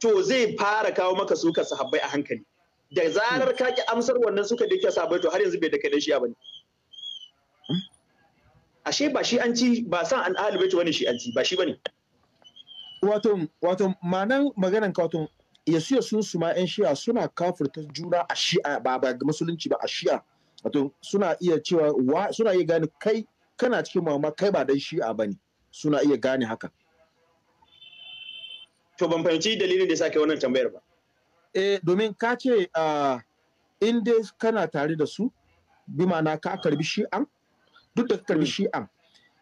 to zai fara kawo maka suka sahabbai a hankali da zarar ka ki amsar wannan suka da yake sahabbai to har yanzu bai da kai shi bane ashe ba shi an ci ba san an ahalul ta wani shi an ci ba shi bane wato wato ma'anan maganan ka wato yasu yasu su ma yan shi'a suna kafirta juna a shi'a ba ba musulunci ba a shi'a wato suna iya cewa wa suna iya gane kai kana cikin mama kai ba dan shi'a ba ne suna iya gane haka to ban fahimci dalilin da ya sake wannan tambayar ba eh domin ka ce in dai kana tare da su bi ma'ana ka karbi shi'an duk da ka karbi hmm. shi'an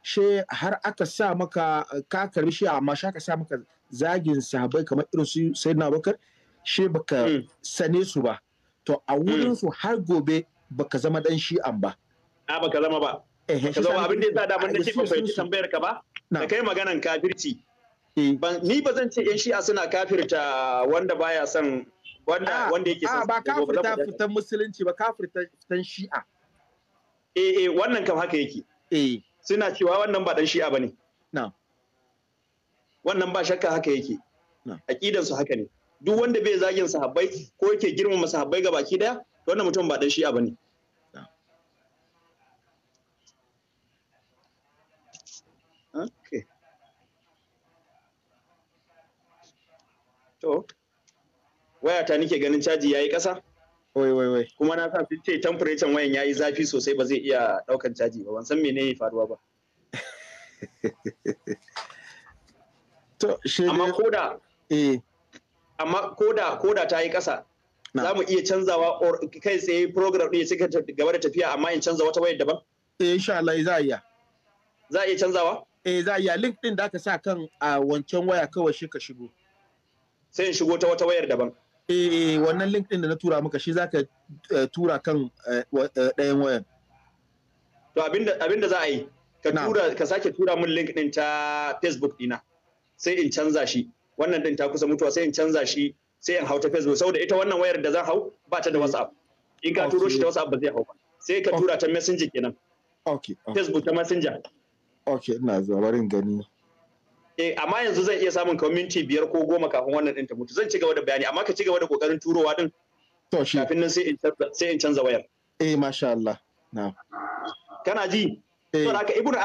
she har aka sa maka ka karbi shi'a amma sha ka sa maka zagin sahabai kamar irin su sayyidina bakar she baka hmm. sane su ba to a wurin su hmm. har gobe baka zama dan an ba a baka zama ba eh, ka zama abin da ya sa da ce ba fahimci tambayar ka ba da kai maganan kafirci eh. ni ba zan ce yan shi'a suna kafirta wanda baya son wanda ah, wanda yake son ah, ba kafirta fitan musulunci ba kafirta fitan shi'a eh eh wannan kam haka yake eh suna cewa wannan ba dan shi'a bane Na. wannan ba shakka haka yake aqidan su haka ne duk wanda bai zagin sahabbai ko yake girmama sahabbai ga baki daya wannan mutum ba dan shi'a bane okay to waya ta nike ganin caji yayi kasa wai wai wai kuma na sa sun ce temperature wayan yayi zafi sosai ba zai iya daukan caji ba ban san menene faruwa ba to amma koda eh amma koda koda ta yi kasa za mu iya canzawa kai tsaye program ɗin ya cika gaba da tafiya amma in canza wata wayar daban? Eh insha Allah za a iya. Za a iya canzawa? Eh za a iya link ɗin da aka sa kan a wancan waya kawai shi ka shigo. Sai in shigo ta wata wayar daban. Eh, eh wannan link ɗin da na tura maka shi za ka eh, tura kan eh, ɗayan wayar. To abinda za a yi ka tura ka sake tura min link ɗin ta Facebook ɗina sai in canza shi wannan ɗin ta kusa mutuwa sai in canza shi sai in hau ta facebook saboda ita wannan wayar da zan hau ba ta da mm. whatsapp in ka turo shi ta whatsapp ba zai hau ba sai ka tura ta messenger kenan okay facebook ta messenger okay ina zuwa barin gani eh amma yanzu zan iya samun community biyar ko goma kafin wannan din ta mutu zan ci gaba da bayani amma ka ci gaba da kokarin turowa din to shi kafin nan sai in canza wayar eh masha Allah na'am kana ji to eh. haka ibnu